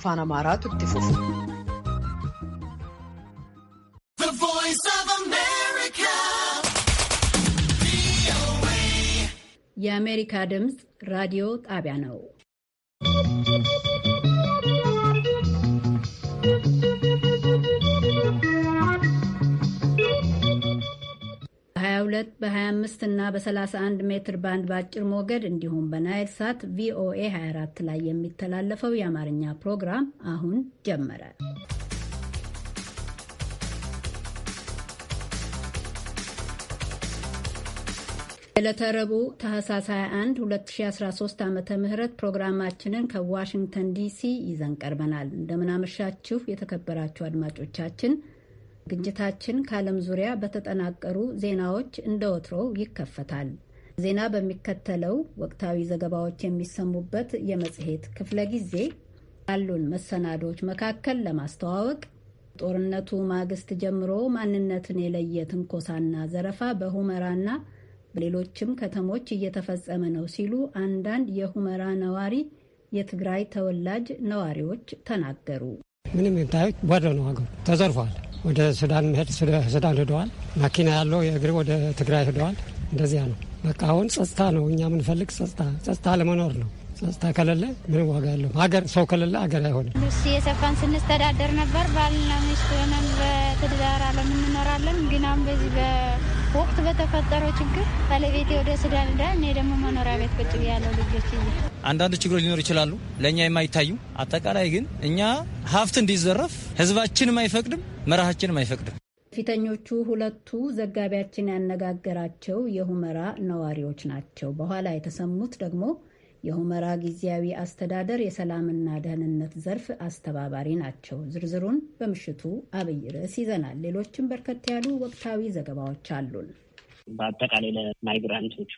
አፋን አማራ ትርቲ ፉፉ የአሜሪካ ድምፅ ራዲዮ ጣቢያ ነው። በ በ25 እና በ31 ሜትር ባንድ በአጭር ሞገድ እንዲሁም በናይል ሳት ቪኦኤ 24 ላይ የሚተላለፈው የአማርኛ ፕሮግራም አሁን ጀመረ። ዕለተ ረቡዕ ታህሳስ 21 2013 ዓመተ ምህረት ፕሮግራማችንን ከዋሽንግተን ዲሲ ይዘን ቀርበናል። እንደምናመሻችሁ የተከበራችሁ አድማጮቻችን ዝግጅታችን ከዓለም ዙሪያ በተጠናቀሩ ዜናዎች እንደ ወትሮው ይከፈታል። ዜና በሚከተለው ወቅታዊ ዘገባዎች የሚሰሙበት የመጽሔት ክፍለ ጊዜ ያሉን መሰናዶች መካከል ለማስተዋወቅ ጦርነቱ ማግስት ጀምሮ ማንነትን የለየ ትንኮሳና ዘረፋ በሁመራና በሌሎችም ከተሞች እየተፈጸመ ነው ሲሉ አንዳንድ የሁመራ ነዋሪ የትግራይ ተወላጅ ነዋሪዎች ተናገሩ። ምንም የምታዩት ባዶ ነው፣ ሀገሩ ተዘርፏል። ወደ ሱዳን መሄድ ሱዳን ሄደዋል። መኪና ያለው የእግር ወደ ትግራይ ሄደዋል። እንደዚያ ነው። በቃ አሁን ጸጥታ ነው። እኛ የምንፈልግ ጸጥታ ጸጥታ ለመኖር ነው። ጸጥታ ከሌለ ምን ዋጋ ያለው ሀገር ሰው ከሌለ ሀገር አይሆንም። ልብስ እየሰፋን ስንስተዳደር ነበር። ባልና ሚስት ሆነን በትዳር አለም እንኖራለን። ግን አሁን በዚህ ወቅት በተፈጠረው ችግር ባለቤቴ ወደ ሱዳን ዳ እኔ ደግሞ መኖሪያ ቤት ቁጭ ያለው ልጆች አንዳንድ ችግሮች ሊኖሩ ይችላሉ፣ ለእኛ የማይታዩ አጠቃላይ ግን እኛ ሀብት እንዲዘረፍ ህዝባችንም አይፈቅድም፣ መራሃችንም አይፈቅድም። ፊተኞቹ ሁለቱ ዘጋቢያችን ያነጋገራቸው የሁመራ ነዋሪዎች ናቸው። በኋላ የተሰሙት ደግሞ የሁመራ ጊዜያዊ አስተዳደር የሰላምና ደህንነት ዘርፍ አስተባባሪ ናቸው። ዝርዝሩን በምሽቱ አብይ ርዕስ ይዘናል። ሌሎችም በርከት ያሉ ወቅታዊ ዘገባዎች አሉን። በአጠቃላይ ለማይግራንቶቹ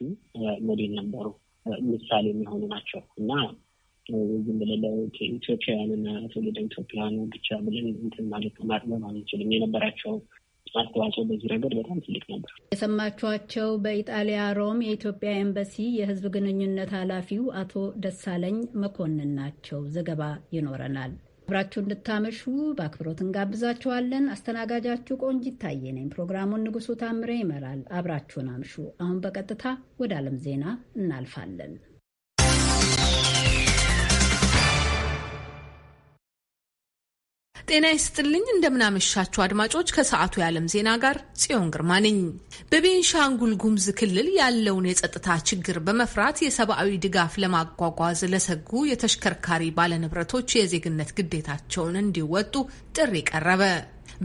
ሞዴል ነበሩ፣ ምሳሌ የሚሆኑ ናቸው እና ዝም ብለን ኢትዮጵያውያንና ትውልደ ኢትዮጵያውያን ብቻ ብለን እንትን ማለት ማጥበብ አንችልም። የነበራቸው አስተዋጽኦ በዚህ ረገድ በጣም ትልቅ ነበር። የሰማችኋቸው በኢጣሊያ ሮም የኢትዮጵያ ኤምባሲ የህዝብ ግንኙነት ኃላፊው አቶ ደሳለኝ መኮንን ናቸው። ዘገባ ይኖረናል። አብራችሁ እንድታመሹ በአክብሮት እንጋብዛችኋለን። አስተናጋጃችሁ ቆንጅ ይታየ ነኝ። ፕሮግራሙን ንጉሱ ታምሬ ይመራል። አብራችሁን አምሹ። አሁን በቀጥታ ወደ ዓለም ዜና እናልፋለን። ጤና ይስጥልኝ እንደምናመሻችሁ አድማጮች፣ ከሰዓቱ የዓለም ዜና ጋር ጽዮን ግርማ ነኝ። በቤንሻንጉል ጉሙዝ ክልል ያለውን የጸጥታ ችግር በመፍራት የሰብአዊ ድጋፍ ለማጓጓዝ ለሰጉ የተሽከርካሪ ባለንብረቶች የዜግነት ግዴታቸውን እንዲወጡ ጥሪ ቀረበ።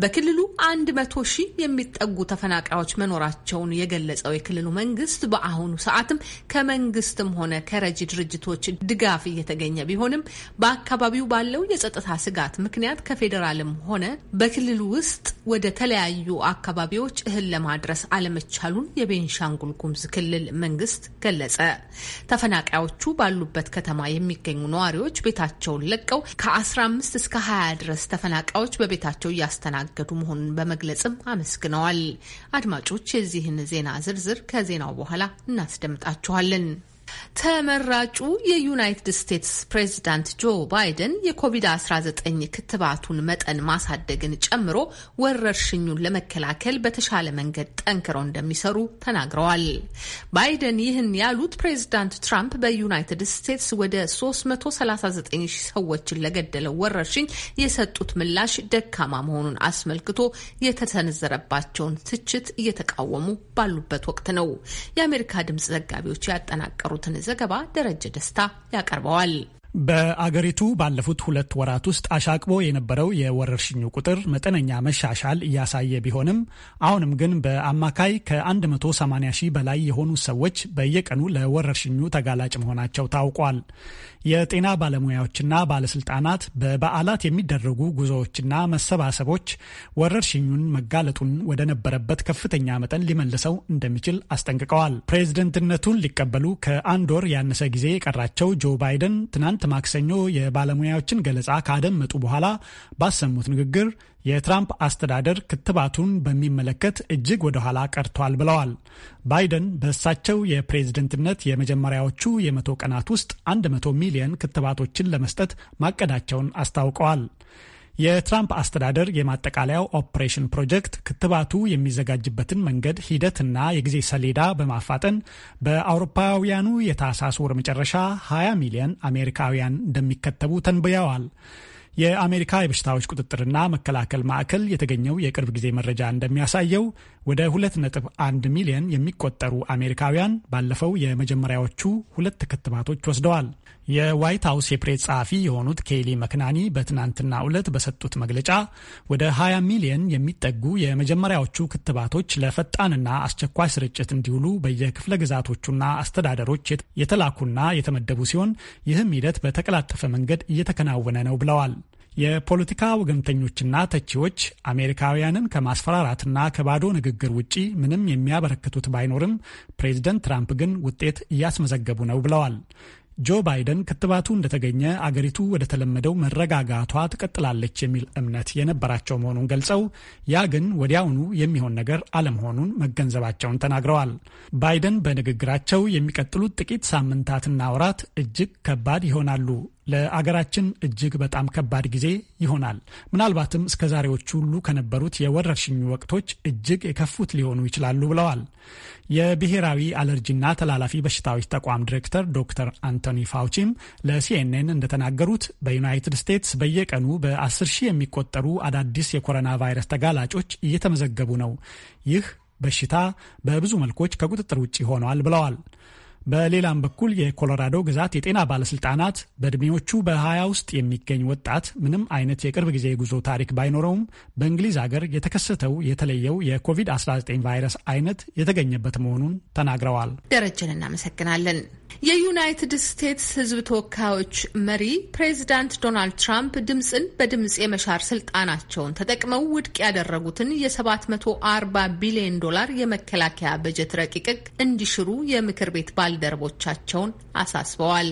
በክልሉ አንድ መቶ ሺህ የሚጠጉ ተፈናቃዮች መኖራቸውን የገለጸው የክልሉ መንግስት በአሁኑ ሰዓትም ከመንግስትም ሆነ ከረጂ ድርጅቶች ድጋፍ እየተገኘ ቢሆንም በአካባቢው ባለው የጸጥታ ስጋት ምክንያት ከፌዴራልም ሆነ በክልሉ ውስጥ ወደ ተለያዩ አካባቢዎች እህል ለማድረስ አለመቻሉን የቤንሻንጉል ጉሙዝ ክልል መንግስት ገለጸ። ተፈናቃዮቹ ባሉበት ከተማ የሚገኙ ነዋሪዎች ቤታቸውን ለቀው ከ15 እስከ 20 ድረስ ተፈናቃዮች በቤታቸው እያስተናል እየተስተናገዱ መሆኑን በመግለጽም አመስግነዋል። አድማጮች የዚህን ዜና ዝርዝር ከዜናው በኋላ እናስደምጣችኋለን። ተመራጩ የዩናይትድ ስቴትስ ፕሬዚዳንት ጆ ባይደን የኮቪድ-19 ክትባቱን መጠን ማሳደግን ጨምሮ ወረርሽኙን ለመከላከል በተሻለ መንገድ ጠንክረው እንደሚሰሩ ተናግረዋል። ባይደን ይህን ያሉት ፕሬዚዳንት ትራምፕ በዩናይትድ ስቴትስ ወደ 339 ሰዎችን ለገደለው ወረርሽኝ የሰጡት ምላሽ ደካማ መሆኑን አስመልክቶ የተሰነዘረባቸውን ትችት እየተቃወሙ ባሉበት ወቅት ነው። የአሜሪካ ድምጽ ዘጋቢዎች ያጠናቀሩ ያጠናቀሩትን ዘገባ ደረጀ ደስታ ያቀርበዋል። በአገሪቱ ባለፉት ሁለት ወራት ውስጥ አሻቅቦ የነበረው የወረርሽኙ ቁጥር መጠነኛ መሻሻል እያሳየ ቢሆንም አሁንም ግን በአማካይ ከ180 ሺህ በላይ የሆኑ ሰዎች በየቀኑ ለወረርሽኙ ተጋላጭ መሆናቸው ታውቋል። የጤና ባለሙያዎችና ባለስልጣናት በበዓላት የሚደረጉ ጉዞዎችና መሰባሰቦች ወረርሽኙን መጋለጡን ወደ ነበረበት ከፍተኛ መጠን ሊመልሰው እንደሚችል አስጠንቅቀዋል። ፕሬዝደንትነቱን ሊቀበሉ ከአንድ ወር ያነሰ ጊዜ የቀራቸው ጆ ባይደን ትናንት ማክሰኞ የባለሙያዎችን ገለጻ ካደመጡ በኋላ ባሰሙት ንግግር የትራምፕ አስተዳደር ክትባቱን በሚመለከት እጅግ ወደ ኋላ ቀርቷል ብለዋል። ባይደን በእሳቸው የፕሬዝደንትነት የመጀመሪያዎቹ የመቶ ቀናት ውስጥ 100 ሚሊዮን ክትባቶችን ለመስጠት ማቀዳቸውን አስታውቀዋል። የትራምፕ አስተዳደር የማጠቃለያው ኦፕሬሽን ፕሮጀክት ክትባቱ የሚዘጋጅበትን መንገድ ሂደትና የጊዜ ሰሌዳ በማፋጠን በአውሮፓውያኑ የታህሳስ ወር መጨረሻ 20 ሚሊዮን አሜሪካውያን እንደሚከተቡ ተንብየዋል። የአሜሪካ የበሽታዎች ቁጥጥርና መከላከል ማዕከል የተገኘው የቅርብ ጊዜ መረጃ እንደሚያሳየው ወደ 2.1 ሚሊዮን የሚቆጠሩ አሜሪካውያን ባለፈው የመጀመሪያዎቹ ሁለት ክትባቶች ወስደዋል። የዋይት ሀውስ የፕሬስ ጸሐፊ የሆኑት ኬሊ መክናኒ በትናንትና ዕለት በሰጡት መግለጫ ወደ 20 ሚሊዮን የሚጠጉ የመጀመሪያዎቹ ክትባቶች ለፈጣንና አስቸኳይ ስርጭት እንዲውሉ በየክፍለ ግዛቶቹና አስተዳደሮች የተላኩና የተመደቡ ሲሆን ይህም ሂደት በተቀላጠፈ መንገድ እየተከናወነ ነው ብለዋል። የፖለቲካ ወገንተኞችና ተቺዎች አሜሪካውያንን ከማስፈራራትና ከባዶ ንግግር ውጪ ምንም የሚያበረክቱት ባይኖርም ፕሬዚደንት ትራምፕ ግን ውጤት እያስመዘገቡ ነው ብለዋል። ጆ ባይደን ክትባቱ እንደተገኘ አገሪቱ ወደ ተለመደው መረጋጋቷ ትቀጥላለች የሚል እምነት የነበራቸው መሆኑን ገልጸው ያ ግን ወዲያውኑ የሚሆን ነገር አለመሆኑን መገንዘባቸውን ተናግረዋል። ባይደን በንግግራቸው የሚቀጥሉት ጥቂት ሳምንታትና ወራት እጅግ ከባድ ይሆናሉ ለአገራችን እጅግ በጣም ከባድ ጊዜ ይሆናል። ምናልባትም እስከ ዛሬዎቹ ሁሉ ከነበሩት የወረርሽኙ ወቅቶች እጅግ የከፉት ሊሆኑ ይችላሉ ብለዋል። የብሔራዊ አለርጂና ተላላፊ በሽታዎች ተቋም ዲሬክተር ዶክተር አንቶኒ ፋውቺም ለሲኤንኤን እንደተናገሩት በዩናይትድ ስቴትስ በየቀኑ በ10 ሺህ የሚቆጠሩ አዳዲስ የኮሮና ቫይረስ ተጋላጮች እየተመዘገቡ ነው። ይህ በሽታ በብዙ መልኮች ከቁጥጥር ውጭ ሆነዋል ብለዋል። በሌላም በኩል የኮሎራዶ ግዛት የጤና ባለስልጣናት በእድሜዎቹ በሀያ ውስጥ የሚገኝ ወጣት ምንም አይነት የቅርብ ጊዜ የጉዞ ታሪክ ባይኖረውም በእንግሊዝ ሀገር የተከሰተው የተለየው የኮቪድ-19 ቫይረስ አይነት የተገኘበት መሆኑን ተናግረዋል። ደረጀን እናመሰግናለን። የዩናይትድ ስቴትስ ሕዝብ ተወካዮች መሪ ፕሬዚዳንት ዶናልድ ትራምፕ ድምፅን በድምፅ የመሻር ስልጣናቸውን ተጠቅመው ውድቅ ያደረጉትን የ740 ቢሊዮን ዶላር የመከላከያ በጀት ረቂቅ እንዲሽሩ የምክር ቤት ባል ባልደረቦቻቸውን አሳስበዋል።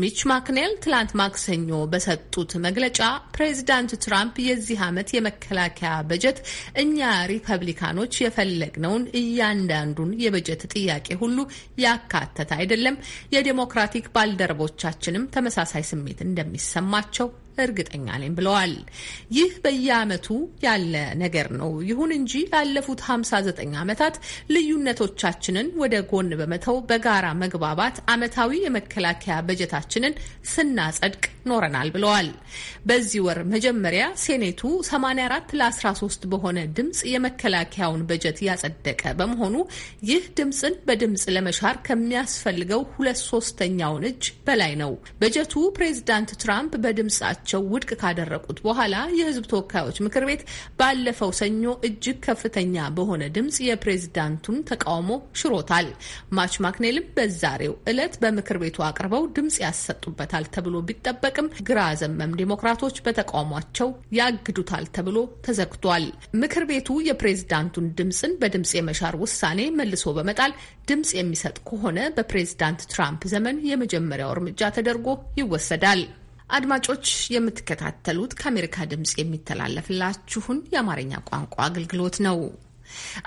ሚች ማክኔል ትላንት ማክሰኞ በሰጡት መግለጫ ፕሬዚዳንት ትራምፕ የዚህ ዓመት የመከላከያ በጀት እኛ ሪፐብሊካኖች የፈለግነውን እያንዳንዱን የበጀት ጥያቄ ሁሉ ያካተተ አይደለም፣ የዴሞክራቲክ ባልደረቦቻችንም ተመሳሳይ ስሜት እንደሚሰማቸው እርግጠኛ ነኝ ብለዋል። ይህ በየዓመቱ ያለ ነገር ነው። ይሁን እንጂ ላለፉት 59 ዓመታት ልዩነቶቻችንን ወደ ጎን በመተው በጋራ መግባባት ዓመታዊ የመከላከያ በጀታችንን ስናጸድቅ ኖረናል ብለዋል። በዚህ ወር መጀመሪያ ሴኔቱ 84 ለ13 በሆነ ድምፅ የመከላከያውን በጀት ያጸደቀ በመሆኑ ይህ ድምፅን በድምፅ ለመሻር ከሚያስፈልገው ሁለት ሶስተኛውን እጅ በላይ ነው። በጀቱ ፕሬዚዳንት ትራምፕ በድምፅ በመሆናቸው ውድቅ ካደረጉት በኋላ የህዝብ ተወካዮች ምክር ቤት ባለፈው ሰኞ እጅግ ከፍተኛ በሆነ ድምፅ የፕሬዝዳንቱን ተቃውሞ ሽሮታል። ማች ማክኔልም በዛሬው ዕለት በምክር ቤቱ አቅርበው ድምፅ ያሰጡበታል ተብሎ ቢጠበቅም ግራ ዘመም ዴሞክራቶች በተቃውሟቸው ያግዱታል ተብሎ ተዘግቷል። ምክር ቤቱ የፕሬዝዳንቱን ድምፅን በድምፅ የመሻር ውሳኔ መልሶ በመጣል ድምፅ የሚሰጥ ከሆነ በፕሬዝዳንት ትራምፕ ዘመን የመጀመሪያው እርምጃ ተደርጎ ይወሰዳል። አድማጮች የምትከታተሉት ከአሜሪካ ድምፅ የሚተላለፍላችሁን የአማርኛ ቋንቋ አገልግሎት ነው።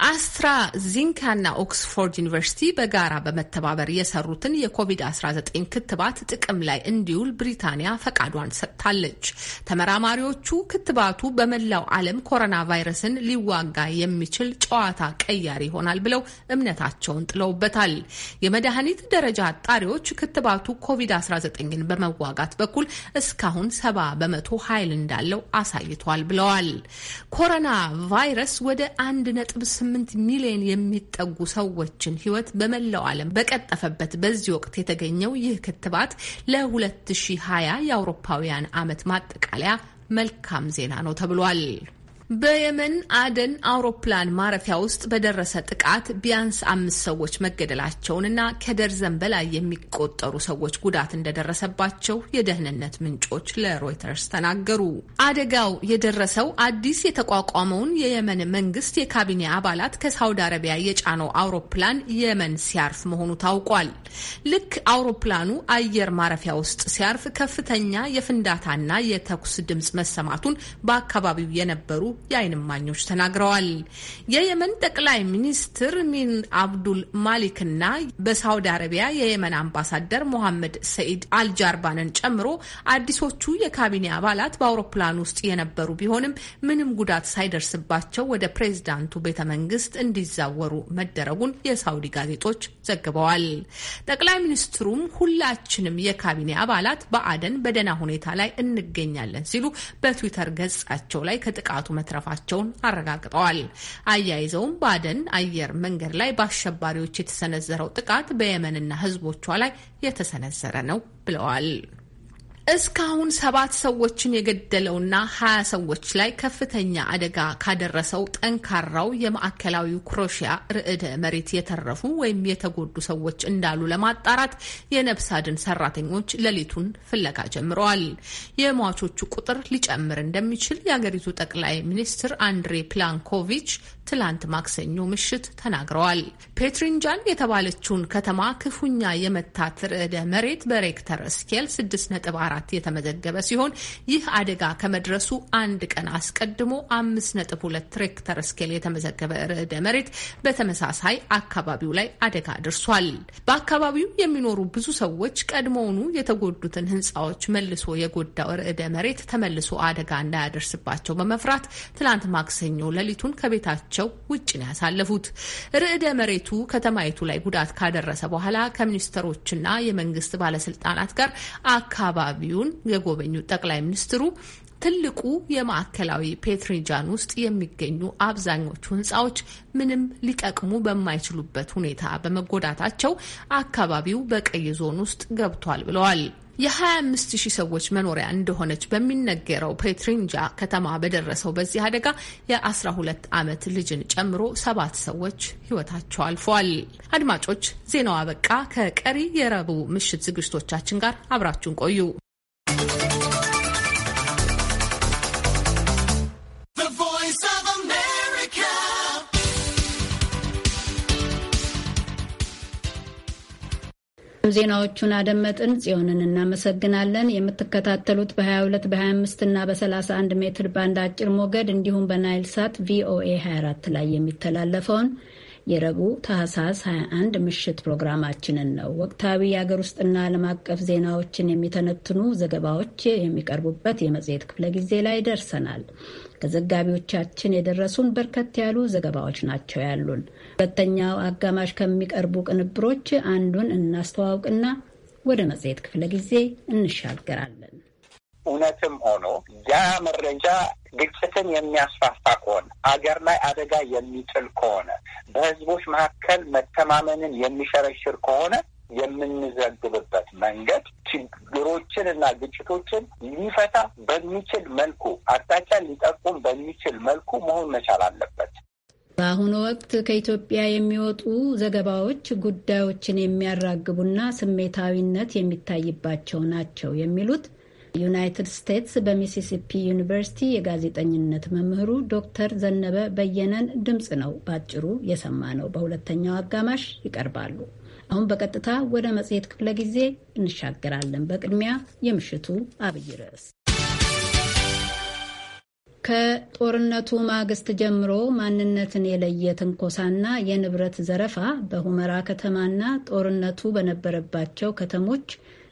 አስትራ ዚንካና ኦክስፎርድ ዩኒቨርሲቲ በጋራ በመተባበር የሰሩትን የኮቪድ-19 ክትባት ጥቅም ላይ እንዲውል ብሪታንያ ፈቃዷን ሰጥታለች። ተመራማሪዎቹ ክትባቱ በመላው ዓለም ኮሮና ቫይረስን ሊዋጋ የሚችል ጨዋታ ቀያሪ ይሆናል ብለው እምነታቸውን ጥለውበታል። የመድኃኒት ደረጃ አጣሪዎች ክትባቱ ኮቪድ-19ን በመዋጋት በኩል እስካሁን ሰባ በመቶ ኃይል እንዳለው አሳይቷል ብለዋል። ኮሮና ቫይረስ ወደ አንድ ነጥ ነጥብ ስምንት ሚሊዮን የሚጠጉ ሰዎችን ህይወት በመላው ዓለም በቀጠፈበት በዚህ ወቅት የተገኘው ይህ ክትባት ለ2020 የአውሮፓውያን ዓመት ማጠቃለያ መልካም ዜና ነው ተብሏል። በየመን አደን አውሮፕላን ማረፊያ ውስጥ በደረሰ ጥቃት ቢያንስ አምስት ሰዎች መገደላቸውንና ከደርዘን በላይ የሚቆጠሩ ሰዎች ጉዳት እንደደረሰባቸው የደህንነት ምንጮች ለሮይተርስ ተናገሩ። አደጋው የደረሰው አዲስ የተቋቋመውን የየመን መንግስት የካቢኔ አባላት ከሳውዲ አረቢያ የጫነው አውሮፕላን የመን ሲያርፍ መሆኑ ታውቋል። ልክ አውሮፕላኑ አየር ማረፊያ ውስጥ ሲያርፍ ከፍተኛ የፍንዳታና የተኩስ ድምጽ መሰማቱን በአካባቢው የነበሩ የዓይን እማኞች ተናግረዋል። የየመን ጠቅላይ ሚኒስትር ሚን አብዱል ማሊክና በሳውዲ አረቢያ የየመን አምባሳደር ሞሐመድ ሰኢድ አልጃርባንን ጨምሮ አዲሶቹ የካቢኔ አባላት በአውሮፕላን ውስጥ የነበሩ ቢሆንም ምንም ጉዳት ሳይደርስባቸው ወደ ፕሬዝዳንቱ ቤተ መንግስት እንዲዛወሩ መደረጉን የሳውዲ ጋዜጦች ዘግበዋል። ጠቅላይ ሚኒስትሩም ሁላችንም የካቢኔ አባላት በአደን በደህና ሁኔታ ላይ እንገኛለን ሲሉ በትዊተር ገጻቸው ላይ ከጥቃቱ መ መትረፋቸውን አረጋግጠዋል። አያይዘውም ባደን አየር መንገድ ላይ በአሸባሪዎች የተሰነዘረው ጥቃት በየመንና ህዝቦቿ ላይ የተሰነዘረ ነው ብለዋል። እስካሁን ሰባት ሰዎችን የገደለውና ሀያ ሰዎች ላይ ከፍተኛ አደጋ ካደረሰው ጠንካራው የማዕከላዊ ክሮሺያ ርዕደ መሬት የተረፉ ወይም የተጎዱ ሰዎች እንዳሉ ለማጣራት የነፍስ አድን ሰራተኞች ሌሊቱን ፍለጋ ጀምረዋል። የሟቾቹ ቁጥር ሊጨምር እንደሚችል የአገሪቱ ጠቅላይ ሚኒስትር አንድሬ ፕላንኮቪች ትላንት ማክሰኞ ምሽት ተናግረዋል። ፔትሪንጃን የተባለችውን ከተማ ክፉኛ የመታት ርዕደ መሬት በሬክተር ስኬል 6.4 የተመዘገበ ሲሆን ይህ አደጋ ከመድረሱ አንድ ቀን አስቀድሞ 5.2 ሬክተር ስኬል የተመዘገበ ርዕደ መሬት በተመሳሳይ አካባቢው ላይ አደጋ ደርሷል። በአካባቢው የሚኖሩ ብዙ ሰዎች ቀድሞውኑ የተጎዱትን ሕንፃዎች መልሶ የጎዳው ርዕደ መሬት ተመልሶ አደጋ እንዳያደርስባቸው በመፍራት ትላንት ማክሰኞ ሌሊቱን ከቤታቸው ሕይወታቸው ውጭ ነው ያሳለፉት። ርዕደ መሬቱ ከተማይቱ ላይ ጉዳት ካደረሰ በኋላ ከሚኒስትሮችና የመንግስት ባለስልጣናት ጋር አካባቢውን የጎበኙት ጠቅላይ ሚኒስትሩ ትልቁ የማዕከላዊ ፔትሪጃን ውስጥ የሚገኙ አብዛኞቹ ህንፃዎች ምንም ሊጠቅሙ በማይችሉበት ሁኔታ በመጎዳታቸው አካባቢው በቀይ ዞን ውስጥ ገብቷል ብለዋል። የ25 ሺህ ሰዎች መኖሪያ እንደሆነች በሚነገረው ፔትሪንጃ ከተማ በደረሰው በዚህ አደጋ የ12 ዓመት ልጅን ጨምሮ ሰባት ሰዎች ሕይወታቸው አልፈዋል። አድማጮች፣ ዜናው አበቃ። ከቀሪ የረቡዕ ምሽት ዝግጅቶቻችን ጋር አብራችሁን ቆዩ። ዜናዎቹን አደመጥን። ጽዮንን እናመሰግናለን። የምትከታተሉት በ22 በ25 እና በ31 ሜትር ባንድ አጭር ሞገድ እንዲሁም በናይል ሳት ቪኦኤ 24 ላይ የሚተላለፈውን የረቡዕ ታህሳስ 21 ምሽት ፕሮግራማችንን ነው። ወቅታዊ የአገር ውስጥና ዓለም አቀፍ ዜናዎችን የሚተነትኑ ዘገባዎች የሚቀርቡበት የመጽሔት ክፍለ ጊዜ ላይ ደርሰናል። ከዘጋቢዎቻችን የደረሱን በርከት ያሉ ዘገባዎች ናቸው ያሉን። ሁለተኛው አጋማሽ ከሚቀርቡ ቅንብሮች አንዱን እናስተዋውቅና ወደ መጽሔት ክፍለ ጊዜ እንሻገራለን። እውነትም ሆኖ ያ መረጃ ግጭትን የሚያስፋፋ ከሆነ አገር ላይ አደጋ የሚጥል ከሆነ በህዝቦች መካከል መተማመንን የሚሸረሽር ከሆነ የምንዘግብበት መንገድ ችግሮችን እና ግጭቶችን ሊፈታ በሚችል መልኩ አቅጣጫ ሊጠቁም በሚችል መልኩ መሆን መቻል አለበት። በአሁኑ ወቅት ከኢትዮጵያ የሚወጡ ዘገባዎች ጉዳዮችን የሚያራግቡና ስሜታዊነት የሚታይባቸው ናቸው የሚሉት ዩናይትድ ስቴትስ በሚሲሲፒ ዩኒቨርሲቲ የጋዜጠኝነት መምህሩ ዶክተር ዘነበ በየነን ድምፅ ነው ባጭሩ የሰማ ነው። በሁለተኛው አጋማሽ ይቀርባሉ። አሁን በቀጥታ ወደ መጽሔት ክፍለ ጊዜ እንሻገራለን። በቅድሚያ የምሽቱ አብይ ርዕስ ከጦርነቱ ማግስት ጀምሮ ማንነትን የለየ ትንኮሳና የንብረት ዘረፋ በሁመራ ከተማና ጦርነቱ በነበረባቸው ከተሞች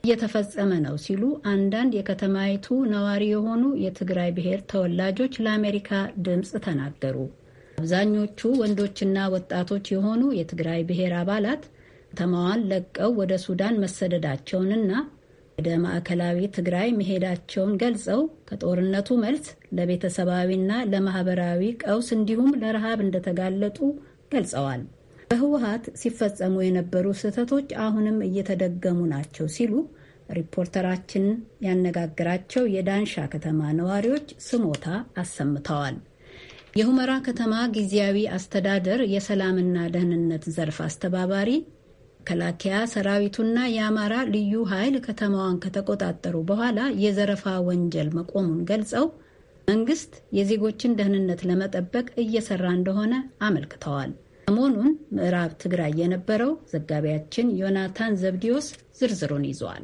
እየተፈጸመ ነው ሲሉ አንዳንድ የከተማይቱ ነዋሪ የሆኑ የትግራይ ብሔር ተወላጆች ለአሜሪካ ድምፅ ተናገሩ። አብዛኞቹ ወንዶችና ወጣቶች የሆኑ የትግራይ ብሔር አባላት ከተማዋን ለቀው ወደ ሱዳን መሰደዳቸውንና ወደ ማዕከላዊ ትግራይ መሄዳቸውን ገልጸው ከጦርነቱ መልስ ለቤተሰባዊና ለማህበራዊ ቀውስ እንዲሁም ለረሃብ እንደተጋለጡ ገልጸዋል። በህወሀት ሲፈጸሙ የነበሩ ስህተቶች አሁንም እየተደገሙ ናቸው ሲሉ ሪፖርተራችን ያነጋግራቸው የዳንሻ ከተማ ነዋሪዎች ስሞታ አሰምተዋል። የሁመራ ከተማ ጊዜያዊ አስተዳደር የሰላምና ደህንነት ዘርፍ አስተባባሪ መከላከያ ሰራዊቱና የአማራ ልዩ ኃይል ከተማዋን ከተቆጣጠሩ በኋላ የዘረፋ ወንጀል መቆሙን ገልጸው መንግስት የዜጎችን ደህንነት ለመጠበቅ እየሰራ እንደሆነ አመልክተዋል። ሰሞኑን ምዕራብ ትግራይ የነበረው ዘጋቢያችን ዮናታን ዘብዲዮስ ዝርዝሩን ይዟል።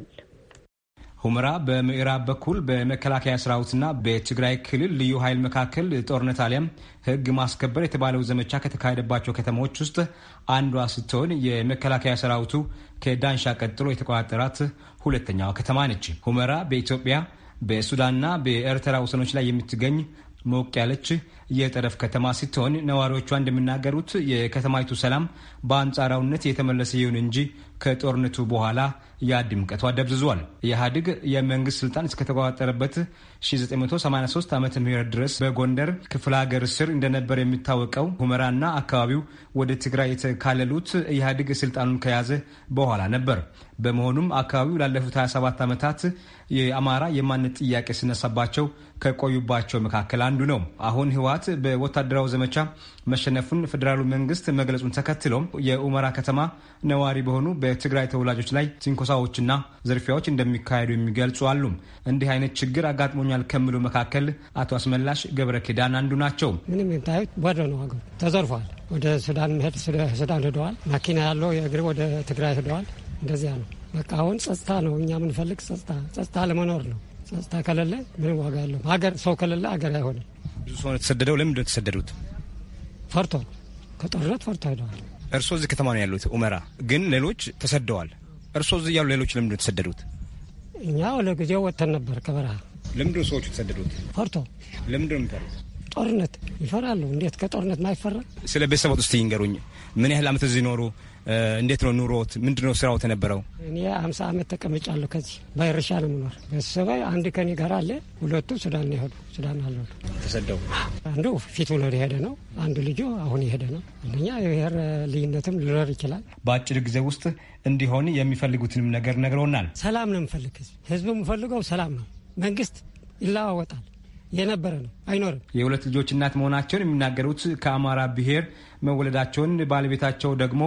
ሁመራ በምዕራብ በኩል በመከላከያ ሰራዊትና በትግራይ ክልል ልዩ ኃይል መካከል ጦርነት አሊያም ሕግ ማስከበር የተባለው ዘመቻ ከተካሄደባቸው ከተሞች ውስጥ አንዷ ስትሆን የመከላከያ ሰራዊቱ ከዳንሻ ቀጥሎ የተቆጣጠራት ሁለተኛዋ ከተማ ነች። ሁመራ በኢትዮጵያ በሱዳንና በኤርትራ ወሰኖች ላይ የምትገኝ ሞቅ ያለች የጠረፍ ከተማ ስትሆን ነዋሪዎቿ እንደሚናገሩት የከተማይቱ ሰላም በአንጻራዊነት የተመለሰ ይሁን እንጂ ከጦርነቱ በኋላ ያ ድምቀቷ ደብዝዟል። ኢህአዴግ የመንግስት ስልጣን እስከተቆጣጠረበት 1983 ዓ ም ድረስ በጎንደር ክፍለ ሀገር ስር እንደነበር የሚታወቀው ሁመራና አካባቢው ወደ ትግራይ የተካለሉት ኢህአዴግ ስልጣኑን ከያዘ በኋላ ነበር። በመሆኑም አካባቢው ላለፉት 27 ዓመታት የአማራ የማንነት ጥያቄ ሲነሳባቸው ከቆዩባቸው መካከል አንዱ ነው። አሁን ህወሓት በወታደራዊ ዘመቻ መሸነፉን ፌዴራሉ መንግስት መግለጹን ተከትሎ የኡመራ ከተማ ነዋሪ በሆኑ በትግራይ ተወላጆች ላይ ትንኮሳዎችና ዝርፊያዎች እንደሚካሄዱ የሚገልጹ አሉ። እንዲህ አይነት ችግር አጋጥሞኛል ከሚሉ መካከል አቶ አስመላሽ ገብረ ኪዳን አንዱ ናቸው። ምንም የምታዩት ወደ ነው ሀገሩ ተዘርፏል። ወደ ሱዳን መሄድ ሱዳን ሄደዋል። መኪና ያለው የእግር ወደ ትግራይ ሄደዋል። እንደዚያ ነው። በቃ አሁን ጸጥታ ነው እኛ የምንፈልግ ጸጥታ ጸጥታ ለመኖር ነው። ጸጥታ ከሌለ ምንም ዋጋ የለም። ሀገር ሰው ከሌለ ሀገር አይሆንም። ብዙ ሰው ነው የተሰደደው። ለምንድን ነው የተሰደዱት? ፈርቷል። ከጦርነት ፈርቶ ሄደዋል። እርስዎ እዚህ ከተማ ነው ያሉት ኡመራ፣ ግን ሌሎች ተሰደዋል። እርስዎ እዚህ ያሉ ሌሎች ለምንድን ነው የተሰደዱት? እኛ ለጊዜው ወጥተን ነበር ከበረሃ። ለምንድን ነው ሰዎቹ የተሰደዱት? ፈርቶ። ለምንድን ነው የሚፈሩት? ጦርነት ይፈራሉ። እንዴት ከጦርነት ማይፈራ? ስለ ቤተሰቦት ውስጥ ይንገሩኝ። ምን ያህል አመት እዚህ ኖሩ? እንዴት ነው ኑሮት? ምንድን ነው ስራዎት የነበረው? እኔ ሀምሳ ዓመት ተቀምጫለሁ። ከዚህ ባይረሻ ነው ምኖር። ቤተሰብ አንድ ከኔ ጋር አለ። ሁለቱ ሱዳን ነው ሱዳን አለሉ ተሰደው፣ አንዱ ፊት ብሎ የሄደ ነው፣ አንዱ ልጁ አሁን የሄደ ነው። እኛ የብሔር ልዩነትም ሊኖር ይችላል። በአጭር ጊዜ ውስጥ እንዲሆን የሚፈልጉትንም ነገር ነግረውናል። ሰላም ነው የምፈልግ ህዝብ የምፈልገው ሰላም ነው። መንግስት ይለዋወጣል የነበረ ነው፣ አይኖርም። የሁለት ልጆች እናት መሆናቸውን የሚናገሩት ከአማራ ብሔር መወለዳቸውን ባለቤታቸው ደግሞ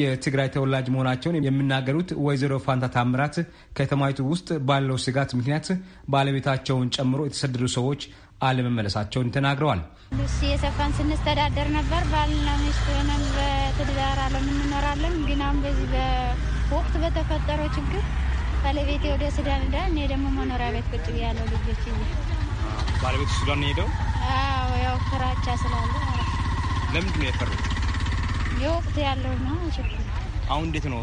የትግራይ ተወላጅ መሆናቸውን የሚናገሩት ወይዘሮ ፋንታ ታምራት ከተማይቱ ውስጥ ባለው ስጋት ምክንያት ባለቤታቸውን ጨምሮ የተሰደዱ ሰዎች አለመመለሳቸውን ተናግረዋል። ልብስ እየሰፋን ስንስተዳደር ነበር። ባልና ሚስት ሆነን በትዳር ዓለም እንኖራለን። ግን በዚህ በወቅት በተፈጠረው ችግር ባለቤቴ ወደ ሱዳን ሄዳ እኔ ደግሞ መኖሪያ ቤት ቁጭ ያለው ልጆች ባለቤቱ ሱዳን ነው የሄደው። ያው ፍራቻ ስላለ ለምንድን ነው የፈሩት? የወቅት ያለው ነው ችግር። አሁን እንዴት ነው?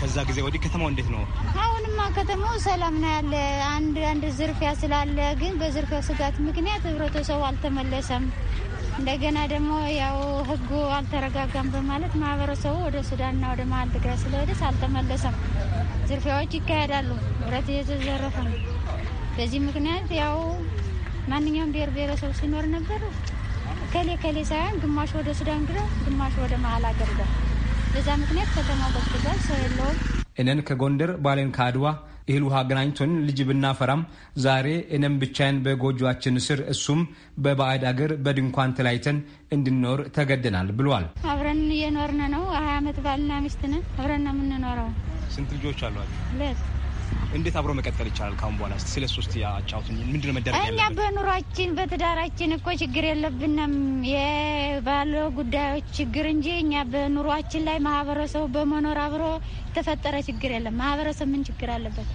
ከዛ ጊዜ ወዲህ ከተማው እንዴት ነው? አሁንማ ከተማው ሰላም ነው ያለ። አንድ አንድ ዝርፊያ ስላለ ግን በዝርፊያው ስጋት ምክንያት ህብረተሰቡ አልተመለሰም። እንደገና ደግሞ ያው ህጉ አልተረጋጋም በማለት ማህበረሰቡ ወደ ሱዳንና ወደ መሀል ትግራይ ስለሄደስ አልተመለሰም። ዝርፊያዎች ይካሄዳሉ። ህብረት እየተዘረፈ ነው። በዚህ ምክንያት ያው ማንኛውም ብሔር ብሔረሰብ ሲኖር ነበር ከሌ ከሌ ሳይሆን ግማሽ ወደ ሱዳን ድረስ ግማሽ ወደ መሀል አገር ጋር በዛ ምክንያት ከተማው በስብዛል ሰው የለውም። እነን ከጎንደር ባሌን ከአድዋ እህል ውሃ አገናኝቶን ልጅ ብናፈራም ዛሬ እነም ብቻዬን በጎጆችን ስር እሱም በባዕድ አገር በድንኳን ተለያይተን እንድንኖር ተገደናል ብሏል። አብረን እየኖርን ነው። ሀያ ዓመት ባልና ሚስት ነን። አብረን ነው የምንኖረው። ስንት ልጆች አሏቸው? ሁለት እንዴት አብሮ መቀጠል ይቻላል? ካሁን በኋላ ስለ ሶስት ያጫውት ምንድን መደረግ እኛ በኑሯችን በትዳራችን እኮ ችግር የለብንም የባለ ጉዳዮች ችግር እንጂ እኛ በኑሯችን ላይ ማህበረሰቡ በመኖር አብሮ የተፈጠረ ችግር የለም። ማህበረሰብ ምን ችግር አለበት?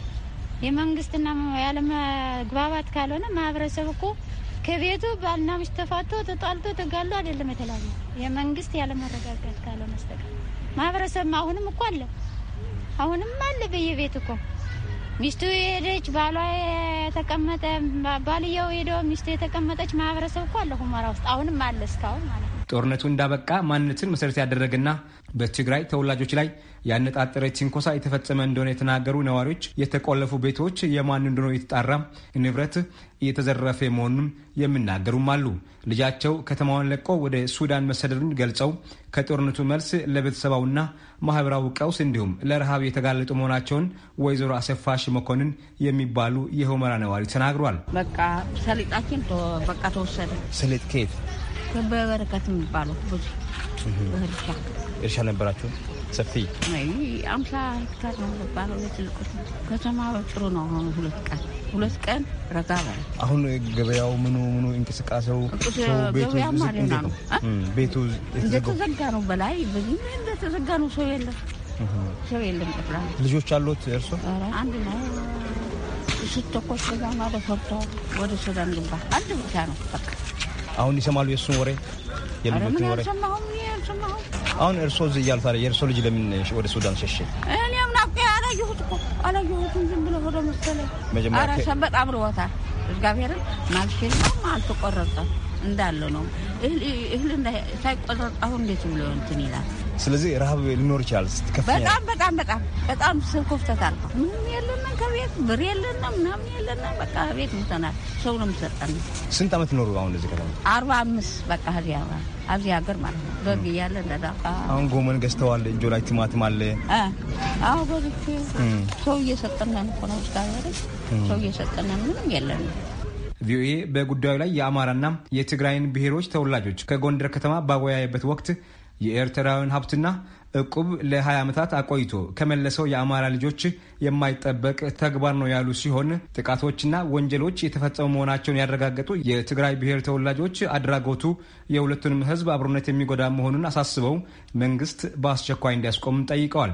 የመንግስትና ያለመግባባት ካልሆነ ማህበረሰብ እኮ ከቤቱ ባልና ሚስት ተፋቶ ተጣልቶ ተጋሎ አይደለም የተለያዩ የመንግስት ያለመረጋጋት ካልሆነ መስጠቀም ማህበረሰብ አሁንም እኮ አለ አሁንም አለ በየቤት እኮ ሚስቱ የሄደች ባሏ የተቀመጠ ባልየው ሄዶ ሚስቱ የተቀመጠች ማህበረሰብ እኮ አለ ሁመራ ውስጥ አሁንም አለ እስካሁን ማለት ነው። ጦርነቱ እንዳበቃ ማንነትን መሰረት ያደረገና በትግራይ ተወላጆች ላይ ያነጣጠረ ትንኮሳ የተፈጸመ እንደሆነ የተናገሩ ነዋሪዎች የተቆለፉ ቤቶች የማን እንደሆነ የተጣራ ንብረት እየተዘረፈ መሆኑን የሚናገሩም አሉ። ልጃቸው ከተማዋን ለቆ ወደ ሱዳን መሰደዱን ገልጸው ከጦርነቱ መልስ ለቤተሰባውና ማህበራዊ ቀውስ እንዲሁም ለረሃብ የተጋለጡ መሆናቸውን ወይዘሮ አሰፋሽ መኮንን የሚባሉ የሆመራ ነዋሪ ተናግሯል። በቃ ሰሊጣችን በቃ ተወሰደ። ሰሊጥ ከየት በበረከት የሚባለው ብዙ እርሻ እርሻ ነበራችሁ? ሰፊ አምሳ ሄክታር ነው የሚባለው ትልቁ ከተማ ጥሩ ነው። ሁለት ቀን ሁለት ቀን ረጋ ባለ አሁን ገበያው ምኑ ምኑ እንቅስቃሴው ቤቱ እንደተዘጋ ነው። በላይ ብዙ እንደተዘጋ ነው። ሰው የለም ሰው የለም። ጠፍራ ልጆች አሉት እርሶ? አንድ ነው ስትተኮስ በዛ ማለ ፈርቶ ወደ ሱዳን ግባ አንድ ብቻ ነው በቃ አሁን ይሰማሉ የእሱን ወሬ የልጆቹን ወሬ። አሁን እርሶ እዚህ እያሉት አለ የእርሶ ልጅ ለምን ወደ ሱዳን ሸሸ? እኔም ምን አላየሁት እኮ አላየሁትም። ዝም ብሎ ወደ መጀመሪያ በጣም ርቦታል። እግዚአብሔርን አልተቆረጠም እንዳለ ነው እህል ሳይቆረጥ አሁን እንዴት ብሎ እንትን ይላል ስለዚህ ረሃብ ሊኖር ይችላል። በጣም በጣም በጣም በጣም ስብ ኮፍተት አልኩ። ምንም የለንም ከቤት ብር የለንም ምናምን የለንም። በቃ ቤት ምተናል። ሰው ነው የምሰጠን። ስንት ዓመት ኖሩ አሁን እዚህ ከተማ? አርባ አምስት በቃ እዚህ እዚህ ሀገር ማለት ነው። በግ እያለ እንደዛ አሁን ጎመን ገዝተዋል። እጆ ላይ ቲማቲም አለ። አሁ በግ ሰው እየሰጠነን እኮ ነው። እስከ ሰው እየሰጠነን ምንም የለንም። ቪኦኤ በጉዳዩ ላይ የአማራና የትግራይን ብሔሮች ተወላጆች ከጎንደር ከተማ ባወያየበት ወቅት የኤርትራውያን ሀብትና እቁብ ለ20 ዓመታት አቆይቶ ከመለሰው የአማራ ልጆች የማይጠበቅ ተግባር ነው ያሉ ሲሆን ጥቃቶችና ወንጀሎች የተፈጸሙ መሆናቸውን ያረጋገጡ የትግራይ ብሔር ተወላጆች አድራጎቱ የሁለቱንም ሕዝብ አብሮነት የሚጎዳ መሆኑን አሳስበው መንግስት በአስቸኳይ እንዲያስቆም ጠይቀዋል።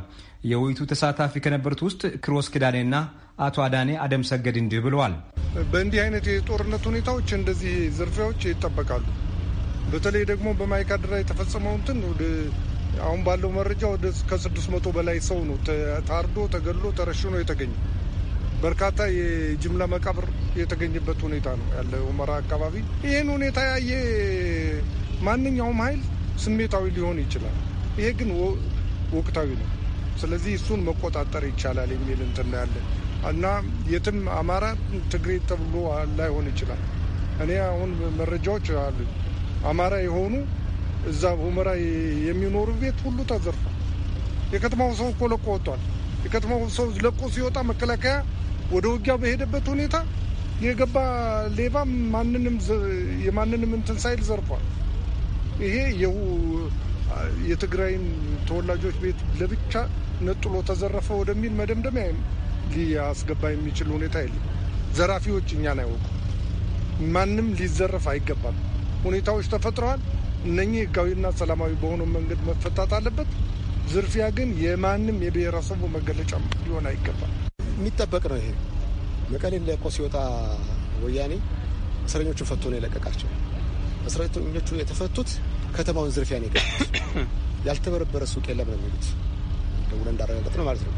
የውይይቱ ተሳታፊ ከነበሩት ውስጥ ክሮስ ኪዳኔና አቶ አዳኔ አደም ሰገድ እንዲህ ብለዋል። በእንዲህ አይነት የጦርነት ሁኔታዎች እንደዚህ ዝርፊያዎች ይጠበቃሉ። በተለይ ደግሞ በማይካድራ የተፈጸመው እንትን አሁን ባለው መረጃ ወደ ከስድስት መቶ በላይ ሰው ነው ታርዶ ተገሎ ተረሽኖ የተገኘ በርካታ የጅምላ መቃብር የተገኘበት ሁኔታ ነው ያለ ሁመራ አካባቢ። ይህን ሁኔታ ያየ ማንኛውም ኃይል ስሜታዊ ሊሆን ይችላል። ይሄ ግን ወቅታዊ ነው። ስለዚህ እሱን መቆጣጠር ይቻላል የሚል እንትን ያለ እና የትም አማራ ትግሬ ተብሎ ላይሆን ይችላል። እኔ አሁን መረጃዎች አሉኝ አማራ የሆኑ እዛ ሁመራ የሚኖሩ ቤት ሁሉ ተዘርፏል። የከተማው ሰው እኮ ለቆ ወጥቷል። የከተማው ሰው ለቆ ሲወጣ መከላከያ ወደ ውጊያ በሄደበት ሁኔታ የገባ ሌባ ማንንም የማንንም እንትን ሳይል ዘርፏል። ይሄ የትግራይን ተወላጆች ቤት ለብቻ ነጥሎ ተዘረፈ ወደሚል መደምደሚያ ሊያስገባ የሚችል ሁኔታ የለም። ዘራፊዎች እኛን አያውቁ። ማንም ሊዘረፍ አይገባም። ሁኔታዎች ተፈጥረዋል። እነኚህ ህጋዊና ሰላማዊ በሆነ መንገድ መፈታት አለበት። ዝርፊያ ግን የማንም የብሔረሰቡ መገለጫ ሊሆን አይገባል። የሚጠበቅ ነው። ይሄ መቀሌ ለቆ ሲወጣ ወያኔ እስረኞቹን ፈቶ ነው የለቀቃቸው። እስረኞቹ የተፈቱት ከተማውን ዝርፊያ ነው የገቡት። ያልተበረበረ ሱቅ የለም ነው የሚሉት ደውለ እንዳረጋገጥ ነው ማለት ነው።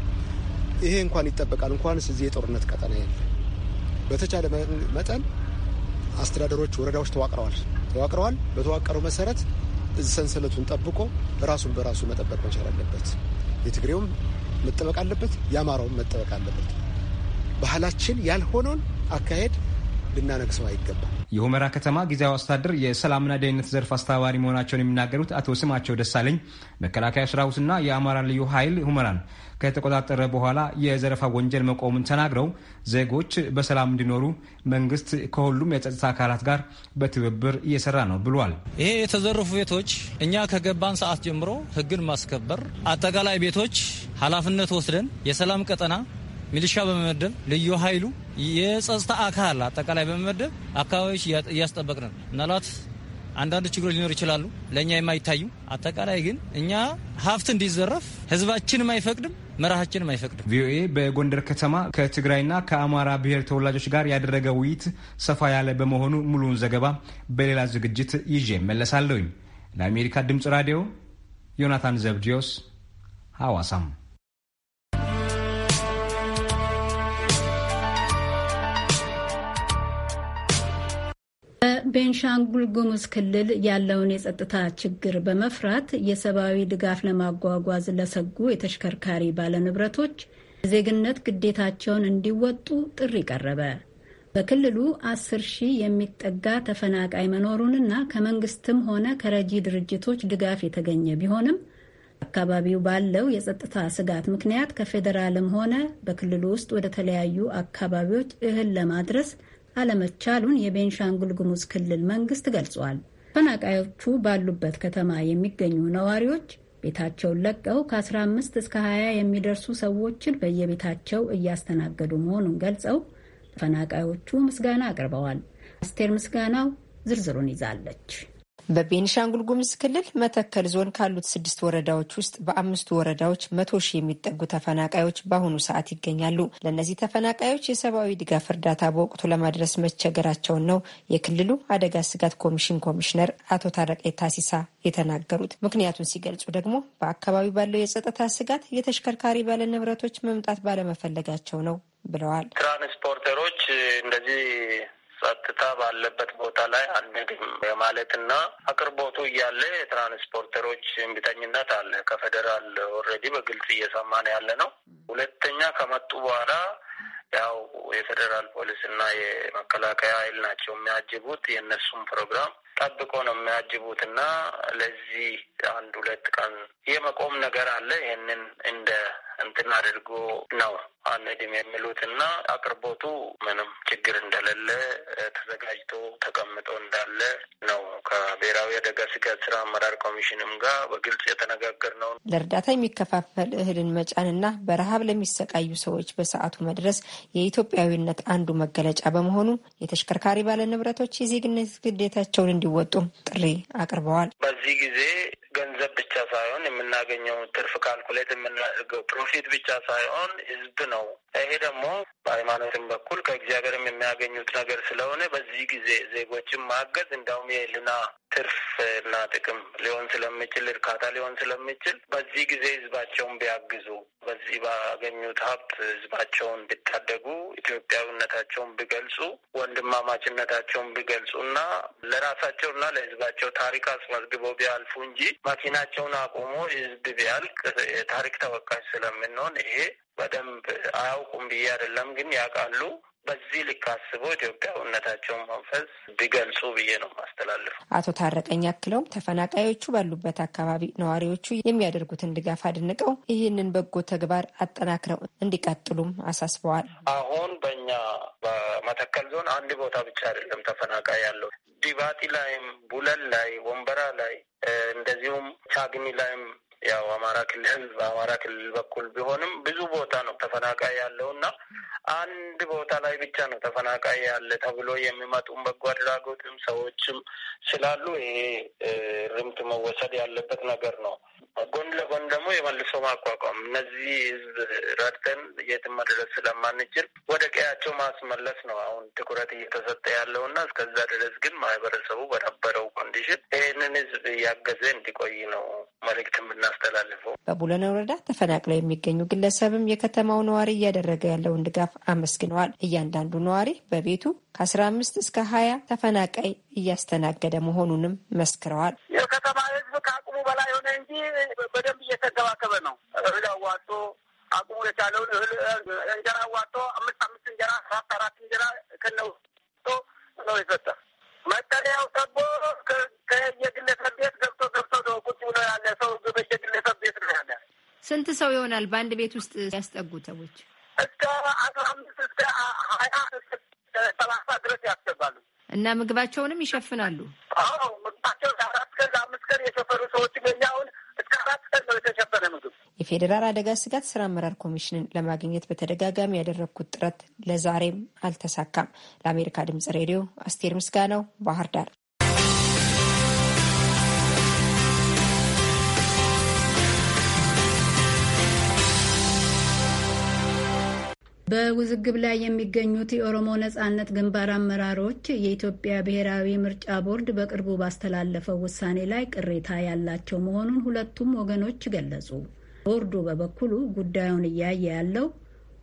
ይሄ እንኳን ይጠበቃል። እንኳንስ እዚህ የጦርነት ቀጠና ያለ በተቻለ መጠን አስተዳደሮች፣ ወረዳዎች ተዋቅረዋል ተዋቅረዋል። በተዋቀረው መሰረት ሰንሰለቱን ጠብቆ ራሱን በራሱ መጠበቅ መቻል አለበት። የትግሬውም መጠበቅ አለበት፣ የአማራውም መጠበቅ አለበት። ባህላችን ያልሆነውን አካሄድ ልናነግሰው አይገባም። የሁመራ ከተማ ጊዜያዊ አስተዳደር የሰላምና ደህንነት ዘርፍ አስተባባሪ መሆናቸውን የሚናገሩት አቶ ስማቸው ደሳለኝ መከላከያ ሰራዊትና የአማራ ልዩ ኃይል ሁመራን ከተቆጣጠረ በኋላ የዘረፋ ወንጀል መቆሙን ተናግረው ዜጎች በሰላም እንዲኖሩ መንግስት ከሁሉም የጸጥታ አካላት ጋር በትብብር እየሰራ ነው ብሏል። ይሄ የተዘረፉ ቤቶች እኛ ከገባን ሰዓት ጀምሮ ህግን ማስከበር አጠቃላይ ቤቶች ኃላፊነት ወስደን የሰላም ቀጠና ሚሊሻ በመመደብ ልዩ ኃይሉ የጸጥታ አካል አጠቃላይ በመመደብ አካባቢዎች እያስጠበቅን ነው። ምናልባት አንዳንድ ችግሮች ሊኖር ይችላሉ፣ ለእኛ የማይታዩ አጠቃላይ ግን እኛ ሀብት እንዲዘረፍ ህዝባችንም አይፈቅድም መርሃችንም አይፈቅድም። ቪኦኤ በጎንደር ከተማ ከትግራይና ከአማራ ብሔር ተወላጆች ጋር ያደረገ ውይይት ሰፋ ያለ በመሆኑ ሙሉውን ዘገባ በሌላ ዝግጅት ይዤ መለሳለሁኝ። ለአሜሪካ ድምፅ ራዲዮ ዮናታን ዘብዲዮስ ሐዋሳም ቤንሻንጉል ጉሙዝ ክልል ያለውን የጸጥታ ችግር በመፍራት የሰብአዊ ድጋፍ ለማጓጓዝ ለሰጉ የተሽከርካሪ ባለንብረቶች ዜግነት ግዴታቸውን እንዲወጡ ጥሪ ቀረበ። በክልሉ አስር ሺህ የሚጠጋ ተፈናቃይ መኖሩንና ከመንግስትም ሆነ ከረጂ ድርጅቶች ድጋፍ የተገኘ ቢሆንም አካባቢው ባለው የጸጥታ ስጋት ምክንያት ከፌዴራልም ሆነ በክልሉ ውስጥ ወደ ተለያዩ አካባቢዎች እህል ለማድረስ አለመቻሉን የቤንሻንጉል ጉሙዝ ክልል መንግስት ገልጿል። ተፈናቃዮቹ ባሉበት ከተማ የሚገኙ ነዋሪዎች ቤታቸውን ለቀው ከ15 እስከ 20 የሚደርሱ ሰዎችን በየቤታቸው እያስተናገዱ መሆኑን ገልጸው ተፈናቃዮቹ ምስጋና አቅርበዋል። አስቴር ምስጋናው ዝርዝሩን ይዛለች። በቤንሻንጉል ጉምዝ ክልል መተከል ዞን ካሉት ስድስት ወረዳዎች ውስጥ በአምስቱ ወረዳዎች መቶ ሺህ የሚጠጉ ተፈናቃዮች በአሁኑ ሰዓት ይገኛሉ። ለእነዚህ ተፈናቃዮች የሰብአዊ ድጋፍ እርዳታ በወቅቱ ለማድረስ መቸገራቸውን ነው የክልሉ አደጋ ስጋት ኮሚሽን ኮሚሽነር አቶ ታረቄ ታሲሳ የተናገሩት። ምክንያቱን ሲገልጹ ደግሞ በአካባቢው ባለው የጸጥታ ስጋት የተሽከርካሪ ባለንብረቶች መምጣት ባለመፈለጋቸው ነው ብለዋል። ትራንስፖርተሮች እንደዚህ ጸጥታ ባለበት ቦታ ላይ አንድግም የማለትና አቅርቦቱ እያለ የትራንስፖርተሮች እንቢተኝነት አለ። ከፌዴራል ኦልሬዲ በግልጽ እየሰማን ያለ ነው። ሁለተኛ ከመጡ በኋላ ያው የፌዴራል ፖሊስ እና የመከላከያ ኃይል ናቸው የሚያጅቡት። የእነሱም ፕሮግራም ጠብቆ ነው የሚያጅቡት እና ለዚህ አንድ ሁለት ቀን የመቆም ነገር አለ። ይህንን እንደ እንትን አድርጎ ነው አንሄድም የሚሉት እና አቅርቦቱ ምንም ችግር እንደሌለ ተዘጋጅቶ ተቀምጦ እንዳለ ነው። ከብሔራዊ አደጋ ስጋት ስራ አመራር ኮሚሽንም ጋር በግልጽ የተነጋገር ነው። ለእርዳታ የሚከፋፈል እህልን መጫንና በረሀብ ለሚሰቃዩ ሰዎች በሰዓቱ መድረስ የኢትዮጵያዊነት አንዱ መገለጫ በመሆኑ የተሽከርካሪ ባለንብረቶች የዜግነት ግዴታቸውን እንዲወጡ ጥሪ አቅርበዋል። በዚህ ጊዜ ገንዘብ ብቻ ሳይሆን የምናገኘው ትርፍ ካልኩሌት የምናደርገው ፊት ብቻ ሳይሆን ህዝብ ነው ይሄ ደግሞ በሃይማኖትም በኩል ከእግዚአብሔርም የሚያገኙት ነገር ስለሆነ በዚህ ጊዜ ዜጎችን ማገዝ እንዲያውም የህልና ትርፍ እና ጥቅም ሊሆን ስለሚችል እርካታ ሊሆን ስለሚችል በዚህ ጊዜ ህዝባቸውን ቢያግዙ፣ በዚህ ባገኙት ሀብት ህዝባቸውን ቢታደጉ፣ ኢትዮጵያዊነታቸውን ቢገልጹ፣ ወንድማማችነታቸውን ቢገልጹ እና ለራሳቸው እና ለህዝባቸው ታሪክ አስመዝግበው ቢያልፉ እንጂ መኪናቸውን አቁሞ ህዝብ ቢያልቅ የታሪክ ተወቃሽ ስለምንሆን ይሄ በደንብ አያውቁም ብዬ አይደለም፣ ግን ያውቃሉ። በዚህ ልክ አስበው ኢትዮጵያዊነታቸውን መንፈስ ቢገልጹ ብዬ ነው ማስተላልፈው። አቶ ታረቀኝ አክለውም ተፈናቃዮቹ ባሉበት አካባቢ ነዋሪዎቹ የሚያደርጉትን ድጋፍ አድንቀው ይህንን በጎ ተግባር አጠናክረው እንዲቀጥሉም አሳስበዋል። አሁን በእኛ በመተከል ዞን አንድ ቦታ ብቻ አይደለም ተፈናቃይ ያለው ዲባጢ ላይም፣ ቡለን ላይ፣ ወንበራ ላይ እንደዚሁም ቻግኒ ላይም ያው አማራ ክልል በአማራ ክልል በኩል ቢሆንም ብዙ ቦታ ነው ተፈናቃይ ያለው እና አንድ ቦታ ላይ ብቻ ነው ተፈናቃይ ያለ ተብሎ የሚመጡም በጎ አድራጎትም ሰዎችም ስላሉ ይሄ ርምት መወሰድ ያለበት ነገር ነው። ጎን ለጎን ደግሞ የመልሶ ማቋቋም እነዚህ ህዝብ ረድተን የትም መድረስ ስለማንችል ወደ ቀያቸው ማስመለስ ነው አሁን ትኩረት እየተሰጠ ያለው እና እስከዛ ድረስ ግን ማህበረሰቡ በነበረው ኮንዲሽን ይህንን ህዝብ እያገዘ እንዲቆይ ነው መልእክት ምና አስተላልፈው። በቡለነ ወረዳ ተፈናቅለው የሚገኙ ግለሰብም የከተማው ነዋሪ እያደረገ ያለውን ድጋፍ አመስግነዋል። እያንዳንዱ ነዋሪ በቤቱ ከአስራ አምስት እስከ ሀያ ተፈናቃይ እያስተናገደ መሆኑንም መስክረዋል። የከተማ ህዝብ ከአቅሙ በላይ ሆነ እንጂ በደንብ እየተንከባከበ ነው። እህል አዋጥቶ አቅሙ የቻለውን እህል እንጀራ አዋጥቶ አምስት አምስት እንጀራ አራት አራት እንጀራ ከነው ነው የሰጠ መጠለያው ተቦ ከየግለሰብ ቤት ገብቶ ገብቶ ነው ቁጭ ብሎ ያለ ሰው ቤት ነው ያለ። ስንት ሰው ይሆናል በአንድ ቤት ውስጥ ያስጠጉ ሰዎች? እስከ አስራ አምስት እስከ ሀያ እስከ ሰላሳ ድረስ ያስገባሉ እና ምግባቸውንም ይሸፍናሉ። አዎ ምግባቸው አራት ቀን ለአምስት ቀን የሰፈሩ ሰዎች ገኛውን የፌዴራል አደጋ ስጋት ስራ አመራር ኮሚሽንን ለማግኘት በተደጋጋሚ ያደረግኩት ጥረት ለዛሬም አልተሳካም። ለአሜሪካ ድምጽ ሬዲዮ አስቴር ምስጋናው ባህር ዳር። በውዝግብ ላይ የሚገኙት የኦሮሞ ነጻነት ግንባር አመራሮች የኢትዮጵያ ብሔራዊ ምርጫ ቦርድ በቅርቡ ባስተላለፈው ውሳኔ ላይ ቅሬታ ያላቸው መሆኑን ሁለቱም ወገኖች ገለጹ። ቦርዱ በበኩሉ ጉዳዩን እያየ ያለው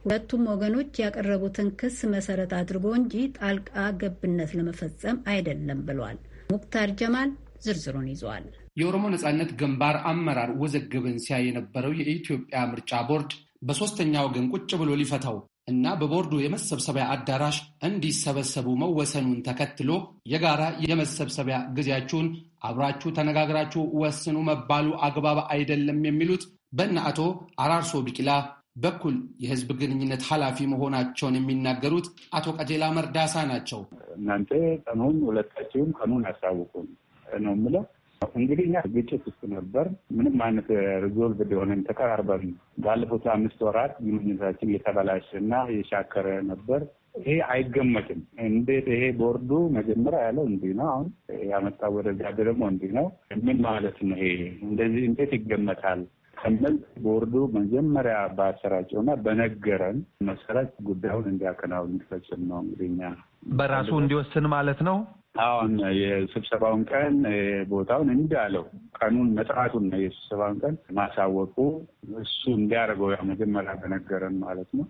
ሁለቱም ወገኖች ያቀረቡትን ክስ መሰረት አድርጎ እንጂ ጣልቃ ገብነት ለመፈጸም አይደለም ብሏል። ሙክታር ጀማል ዝርዝሩን ይዟል። የኦሮሞ ነጻነት ግንባር አመራር ውዝግብን ሲያይ የነበረው የኢትዮጵያ ምርጫ ቦርድ በሶስተኛ ወገን ቁጭ ብሎ ሊፈታው እና በቦርዱ የመሰብሰቢያ አዳራሽ እንዲሰበሰቡ መወሰኑን ተከትሎ የጋራ የመሰብሰቢያ ጊዜያችሁን አብራችሁ ተነጋግራችሁ ወስኑ መባሉ አግባብ አይደለም የሚሉት በእነ አቶ አራርሶ ቢቂላ በኩል የህዝብ ግንኙነት ኃላፊ መሆናቸውን የሚናገሩት አቶ ቀጀላ መርዳሳ ናቸው። እናንተ ቀኑን ሁለታችሁም ቀኑን አሳውቁን ነው የምለው እንግዲህ እኛ ግጭት ውስጥ ነበር። ምንም አይነት ሪዞልቭ የሆነን ተቀራርበን ባለፉት አምስት ወራት ግንኙነታችን የተበላሸ እና የሻከረ ነበር። ይሄ አይገመትም። እንዴት ይሄ ቦርዱ መጀመሪያ ያለው እንዲህ ነው፣ አሁን ያመጣ ወደዚያ ደግሞ እንዲህ ነው። ምን ማለት ነው ይሄ እንደዚህ እንዴት ይገመታል? ከምል ቦርዱ መጀመሪያ ባሰራጨውና በነገረን መሰረት ጉዳዩን እንዲያከናውን እንዲፈጽም ነው እንግዲህ እኛ በራሱ እንዲወስን ማለት ነው። አሁን የስብሰባውን ቀን ቦታውን እንዳለው ቀኑን መጥራቱን ነው የስብሰባውን ቀን ማሳወቁ እሱ እንዲያደርገው ያው መጀመሪያ ተነገረን ማለት ነው።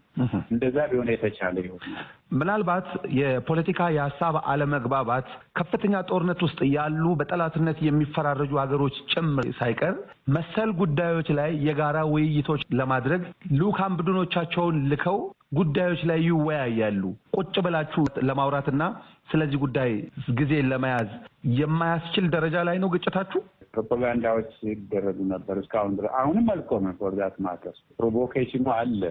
እንደዛ ቢሆን የተቻለ ይሆናል። ምናልባት የፖለቲካ የሀሳብ አለመግባባት ከፍተኛ ጦርነት ውስጥ ያሉ በጠላትነት የሚፈራረጁ ሀገሮች ጭምር ሳይቀር መሰል ጉዳዮች ላይ የጋራ ውይይቶች ለማድረግ ልዑካን ቡድኖቻቸውን ልከው ጉዳዮች ላይ ይወያያሉ። ቁጭ ብላችሁ ለማውራትና ስለዚህ ጉዳይ ጊዜ ለመያዝ የማያስችል ደረጃ ላይ ነው ግጭታችሁ? ፕሮፓጋንዳዎች ይደረጉ ነበር እስካሁን ድረስ አሁንም አልቆመ ፎርዛት ማተር ፕሮቮኬሽኑ አለ።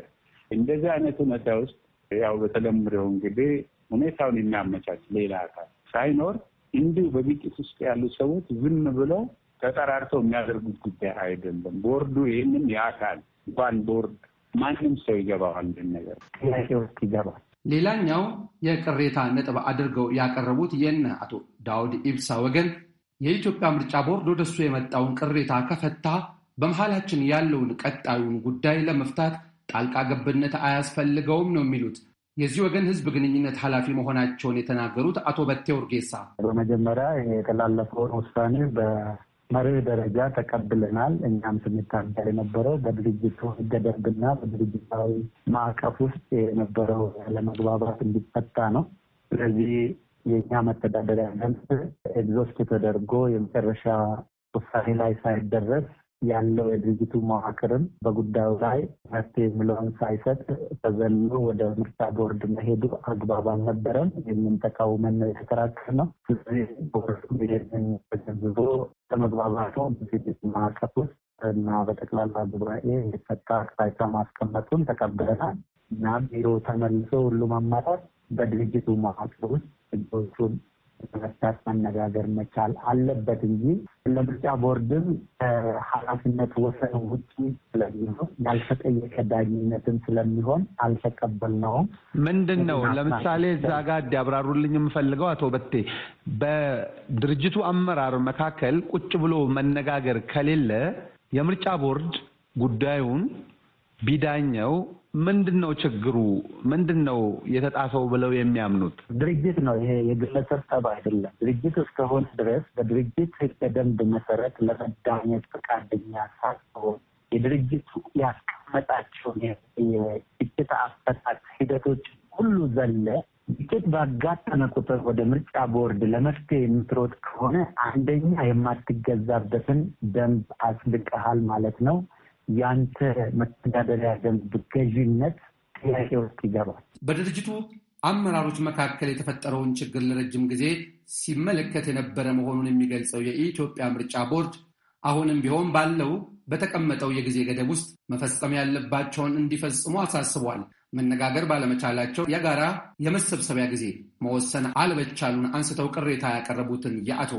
እንደዚህ አይነት ሁኔታ ውስጥ ያው በተለምደው እንግዲህ ሁኔታውን የሚያመቻች ሌላ አካል ሳይኖር እንዲሁ በግጭት ውስጥ ያሉ ሰዎች ዝም ብለው ተጠራርተው የሚያደርጉት ጉዳይ አይደለም። ቦርዱ ይህንን የአካል እንኳን ቦርድ ማንም ሰው ይገባዋል ነገር ጥያቄ ውስጥ ይገባል። ሌላኛው የቅሬታ ነጥብ አድርገው ያቀረቡት የነ አቶ ዳውድ ኢብሳ ወገን የኢትዮጵያ ምርጫ ቦርድ ወደሱ የመጣውን ቅሬታ ከፈታ በመሀላችን ያለውን ቀጣዩን ጉዳይ ለመፍታት ጣልቃ ገብነት አያስፈልገውም ነው የሚሉት የዚህ ወገን ህዝብ ግንኙነት ኃላፊ መሆናቸውን የተናገሩት አቶ በቴ ኡርጌሳ በመጀመሪያ የተላለፈውን ውሳኔ መርህ ደረጃ ተቀብለናል። እኛም ስንታገል የነበረው በድርጅቱ ሕገ ደንብና በድርጅታዊ ማዕቀፍ ውስጥ የነበረው ለመግባባት እንዲፈታ ነው። ስለዚህ የእኛ መተዳደሪያ ደንብ ኤግዞስት ተደርጎ የመጨረሻ ውሳኔ ላይ ሳይደረስ ያለው የድርጅቱ መዋቅርም በጉዳዩ ላይ መፍትሄ የሚለውን ሳይሰጥ ተዘሎ ወደ ምርጫ ቦርድ መሄዱ አግባብ አልነበረም። የምንተቃውመን ነው የተከራከር ነው። ስለዚህ ቦርዱ ይህንን ተገንዝቦ ተመግባባቱ ድርጅት ማዕቀፍ ውስጥ እና በጠቅላላ ጉባኤ የተሰጠ አቅጣጫ ማስቀመጡን ተቀብለናል እና ቢሮ ተመልሶ ሁሉም አመራር በድርጅቱ መዋቅር ውስጥ ህጎቹን በመፍታት መነጋገር መቻል አለበት እንጂ ለምርጫ ቦርድም ኃላፊነት ወሰን ውጭ ስለሚሆን ያልተጠየቀ ዳኝነትም ስለሚሆን አልተቀበልነውም። ምንድን ነው ለምሳሌ እዛ ጋ እንዲያብራሩልኝ የምፈልገው አቶ በቴ፣ በድርጅቱ አመራር መካከል ቁጭ ብሎ መነጋገር ከሌለ የምርጫ ቦርድ ጉዳዩን ቢዳኘው ምንድን ነው ችግሩ? ምንድን ነው የተጣሰው ብለው የሚያምኑት? ድርጅት ነው ይሄ፣ የግለሰብ ጠብ አይደለም። ድርጅት እስከሆነ ድረስ በድርጅት ህገ ደንብ መሰረት ለመዳኘት ፈቃደኛ ሳትሆን የድርጅቱ ያስቀመጣቸውን የግጭት አፈታት ሂደቶች ሁሉ ዘለ ግጭት ባጋጠመ ቁጥር ወደ ምርጫ ቦርድ ለመፍትሄ የምትሮጥ ከሆነ አንደኛ የማትገዛበትን ደንብ አጽድቀሃል ማለት ነው። ያንተ መተዳደሪያ ደንብ ገዥነት ጥያቄ ውስጥ ይገባል። በድርጅቱ አመራሮች መካከል የተፈጠረውን ችግር ለረጅም ጊዜ ሲመለከት የነበረ መሆኑን የሚገልጸው የኢትዮጵያ ምርጫ ቦርድ አሁንም ቢሆን ባለው በተቀመጠው የጊዜ ገደብ ውስጥ መፈጸም ያለባቸውን እንዲፈጽሙ አሳስቧል። መነጋገር ባለመቻላቸው የጋራ የመሰብሰቢያ ጊዜ መወሰን አለመቻሉን አንስተው ቅሬታ ያቀረቡትን የአቶ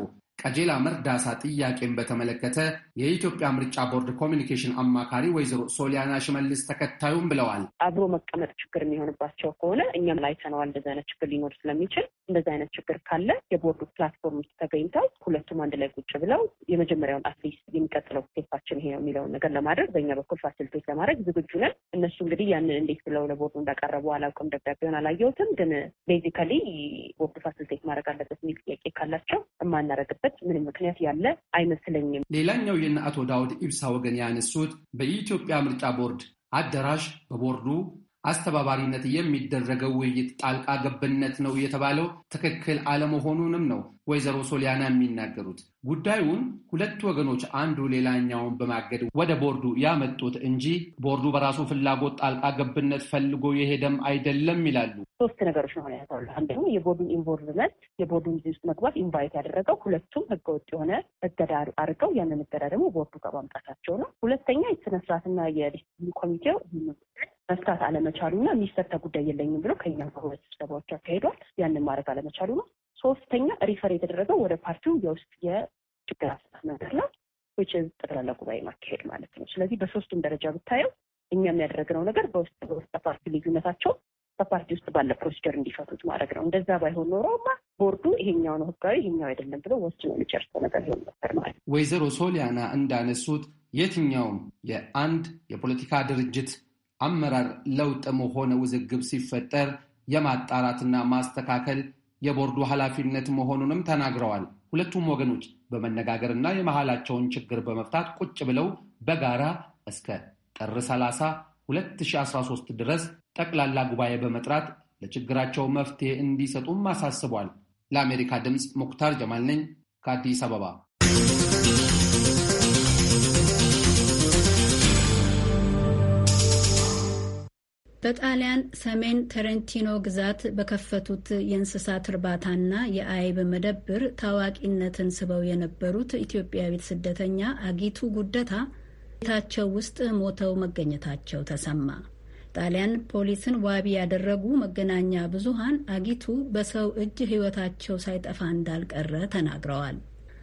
ቀጀላ መርዳሳ ጥያቄን በተመለከተ የኢትዮጵያ ምርጫ ቦርድ ኮሚኒኬሽን አማካሪ ወይዘሮ ሶሊያና ሽመልስ ተከታዩም ብለዋል። አብሮ መቀመጥ ችግር የሚሆንባቸው ከሆነ እኛም ላይተነዋል። እንደዚህ አይነት ችግር ሊኖር ስለሚችል እንደዚህ አይነት ችግር ካለ የቦርዱ ፕላትፎርም ተገኝተው ሁለቱም አንድ ላይ ቁጭ ብለው የመጀመሪያውን አትሊስት የሚቀጥለው ስቴፓችን ይሄ ነው የሚለውን ነገር ለማድረግ በእኛ በኩል ፋሲሊቴት ለማድረግ ዝግጁ ነን። እነሱ እንግዲህ ያንን እንዴት ብለው ለቦርዱ እንዳቀረቡ አላውቅም። ደብዳቤውን አላየሁትም። ግን ቤዚካሊ ቦርዱ ፋሲሊቴት ማድረግ አለበት የሚል ጥያቄ ካላቸው የማናረግበት ምንም ምክንያት ያለ አይመስለኝም። ሌላኛው የነአቶ አቶ ዳውድ ኢብሳ ወገን ያነሱት በኢትዮጵያ ምርጫ ቦርድ አዳራሽ በቦርዱ አስተባባሪነት የሚደረገው ውይይት ጣልቃ ገብነት ነው የተባለው ትክክል አለመሆኑንም ነው ወይዘሮ ሶሊያና የሚናገሩት። ጉዳዩን ሁለት ወገኖች አንዱ ሌላኛውን በማገድ ወደ ቦርዱ ያመጡት እንጂ ቦርዱ በራሱ ፍላጎት ጣልቃ ገብነት ፈልጎ የሄደም አይደለም ይላሉ። ሶስት ነገሮች ሆነ ያሳሉ። አንደኛው የቦርዱን ኢንቮልቭመንት የቦርዱን ዚ ውስጥ መግባት ኢንቫይት ያደረገው ሁለቱም ህገወጥ የሆነ እገዳ አድርገው ያንን እገዳ ደግሞ ቦርዱ ጋር ማምጣታቸው ነው። ሁለተኛ የስነስርዓትና የዲስፕሊን ኮሚቴው ይህን መፍታት አለመቻሉና የሚፈታ ጉዳይ የለኝም ብሎ ከኛም ከሁለት ስብሰባዎች አካሂዷል። ያንን ማድረግ አለመቻሉ ነው። ሶስተኛ ሪፈር የተደረገው ወደ ፓርቲው የውስጥ የችግር አፈታት መንገድ ነው ዊች ጠቅላላ ጉባኤ ማካሄድ ማለት ነው። ስለዚህ በሶስቱም ደረጃ ብታየው እኛ የሚያደረግነው ነገር በውስጥ በውስጥ ፓርቲ ልዩነታቸው በፓርቲ ውስጥ ባለ ፕሮሲደር እንዲፈቱት ማድረግ ነው። እንደዛ ባይሆን ኖሮማ ቦርዱ ይሄኛው ነው ህጋዊ፣ ይሄኛው አይደለም ብሎ ወስኖ የሚጨርሰው ነገር ይሆን ነበር ማለት ነው። ወይዘሮ ሶሊያና እንዳነሱት የትኛውም የአንድ የፖለቲካ ድርጅት አመራር ለውጥም ሆነ ውዝግብ ሲፈጠር የማጣራትና ማስተካከል የቦርዱ ኃላፊነት መሆኑንም ተናግረዋል። ሁለቱም ወገኖች በመነጋገርና የመሃላቸውን ችግር በመፍታት ቁጭ ብለው በጋራ እስከ ጥር 30 2013 ድረስ ጠቅላላ ጉባኤ በመጥራት ለችግራቸው መፍትሄ እንዲሰጡም አሳስቧል። ለአሜሪካ ድምፅ ሙክታር ጀማል ነኝ ከአዲስ አበባ። በጣሊያን ሰሜን ተረንቲኖ ግዛት በከፈቱት የእንስሳት እርባታና የአይብ መደብር ታዋቂነትን ስበው የነበሩት ኢትዮጵያዊት ስደተኛ አጊቱ ጉደታ ቤታቸው ውስጥ ሞተው መገኘታቸው ተሰማ። ጣሊያን ፖሊስን ዋቢ ያደረጉ መገናኛ ብዙሃን አጊቱ በሰው እጅ ሕይወታቸው ሳይጠፋ እንዳልቀረ ተናግረዋል።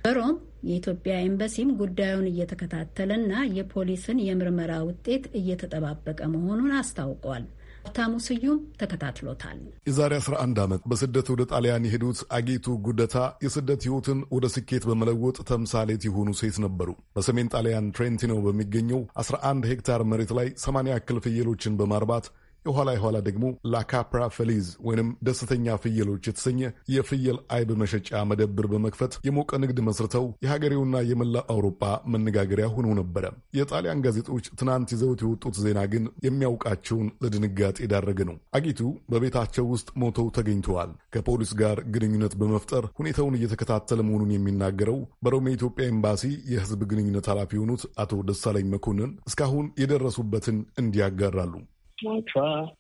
በሮም የኢትዮጵያ ኤምባሲም ጉዳዩን እየተከታተለና የፖሊስን የምርመራ ውጤት እየተጠባበቀ መሆኑን አስታውቋል። ሀብታሙ ስዩም ተከታትሎታል። የዛሬ 11 ዓመት በስደት ወደ ጣሊያን የሄዱት አጌቱ ጉደታ የስደት ሕይወትን ወደ ስኬት በመለወጥ ተምሳሌት የሆኑ ሴት ነበሩ። በሰሜን ጣሊያን ትሬንቲኖ በሚገኘው 11 ሄክታር መሬት ላይ 80 ያክል ፍየሎችን በማርባት የኋላ የኋላ ደግሞ ላካፕራ ፈሊዝ ወይንም ደስተኛ ፍየሎች የተሰኘ የፍየል አይብ መሸጫ መደብር በመክፈት የሞቀ ንግድ መስርተው የሀገሬውና የመላው አውሮፓ መነጋገሪያ ሆነው ነበረ። የጣሊያን ጋዜጦች ትናንት ይዘውት የወጡት ዜና ግን የሚያውቃቸውን ለድንጋጤ የዳረገ ነው። አጊቱ በቤታቸው ውስጥ ሞተው ተገኝተዋል። ከፖሊስ ጋር ግንኙነት በመፍጠር ሁኔታውን እየተከታተለ መሆኑን የሚናገረው በሮም የኢትዮጵያ ኤምባሲ የህዝብ ግንኙነት ኃላፊ የሆኑት አቶ ደሳለኝ መኮንን እስካሁን የደረሱበትን እንዲያጋራሉ። ሟቿ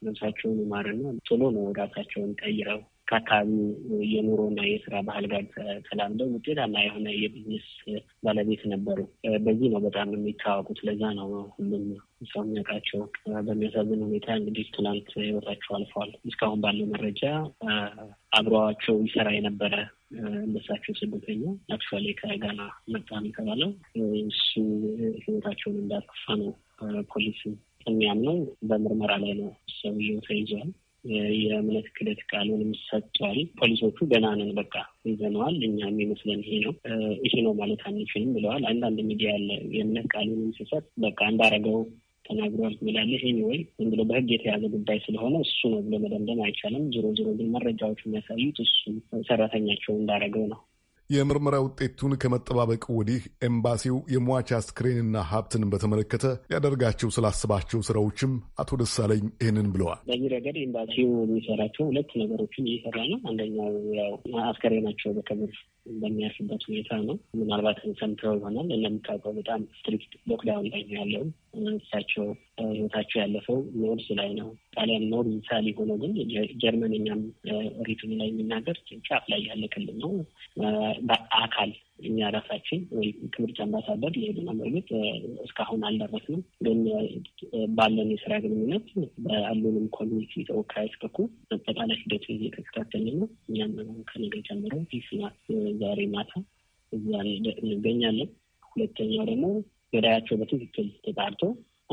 ነብሳቸውን ይማርና ቶሎ ነው ወዳታቸውን ቀይረው ከአካባቢ የኑሮና የስራ ባህል ጋር ተላምደው ውጤታማ የሆነ የቢዝነስ ባለቤት ነበሩ። በዚህ ነው በጣም የሚታወቁት። ለዛ ነው ሁሉም ሰው የሚያውቃቸው። በሚያሳዝን ሁኔታ እንግዲህ ትናንት ህይወታቸው አልፈዋል። እስካሁን ባለው መረጃ አብረዋቸው ይሰራ የነበረ እንደሳቸው ስደተኛ አክቹዋሊ ከጋና መጣ የተባለው እሱ ህይወታቸውን እንዳጠፋ ነው ፖሊስ የሚያምነው በምርመራ ላይ ነው። ሰውየው ተይዟል። የእምነት ክደት ቃሉንም ሰጥቷል። ፖሊሶቹ ገና ነን በቃ ይዘነዋል፣ እኛ የሚመስለን ይሄ ነው ይሄ ነው ማለት አንችልም ብለዋል። አንዳንድ ሚዲያ ያለ የእምነት ቃሉንም ሲሰጥ በቃ እንዳረገው ተናግሯል ትላለህ። ኤኒዌይ ዝም ብሎ በህግ የተያዘ ጉዳይ ስለሆነ እሱ ነው ብሎ መደምደም አይቻልም። ዞሮ ዞሮ ግን መረጃዎች የሚያሳዩት እሱ ሰራተኛቸው እንዳረገው ነው። የምርመራ ውጤቱን ከመጠባበቅ ወዲህ ኤምባሲው የሟች አስክሬንና ሀብትን በተመለከተ ሊያደርጋቸው ስላስባቸው ስራዎችም አቶ ደሳለኝ ይህንን ብለዋል። በዚህ ረገድ ኤምባሲው የሚሰራቸው ሁለት ነገሮችን እየሰራ ነው። አንደኛው ያው አስከሬናቸው በክብር በሚያርፍበት ሁኔታ ነው። ምናልባትም ሰምተው ይሆናል። እንደምታውቀው በጣም ስትሪክት ሎክዳውን ላይ ነው ያለው። እሳቸው ህይወታቸው ያለፈው ኖርዝ ላይ ነው። ጣሊያን ኖርዝ ሳሊ ሆኖ ግን ጀርመንኛም ሪቱን ላይ የሚናገር ጫፍ ላይ ያለ ክልል ነው። በአካል እኛ ራሳችን ወይ ከምርጫ አምባሳደር የሄድና በእርግጥ እስካሁን አልደረስንም፣ ግን ባለን የስራ ግንኙነት በአሉንም ኮሚኒቲ ተወካዮች በኩል አጠቃላይ ሂደቱ እየተከታተል ነው። እኛም ከነገ ጀምሮ ፊስናት ዛሬ ማታ እዛ እንገኛለን። ሁለተኛው ደግሞ ገዳያቸው በትክክል ተጣርቶ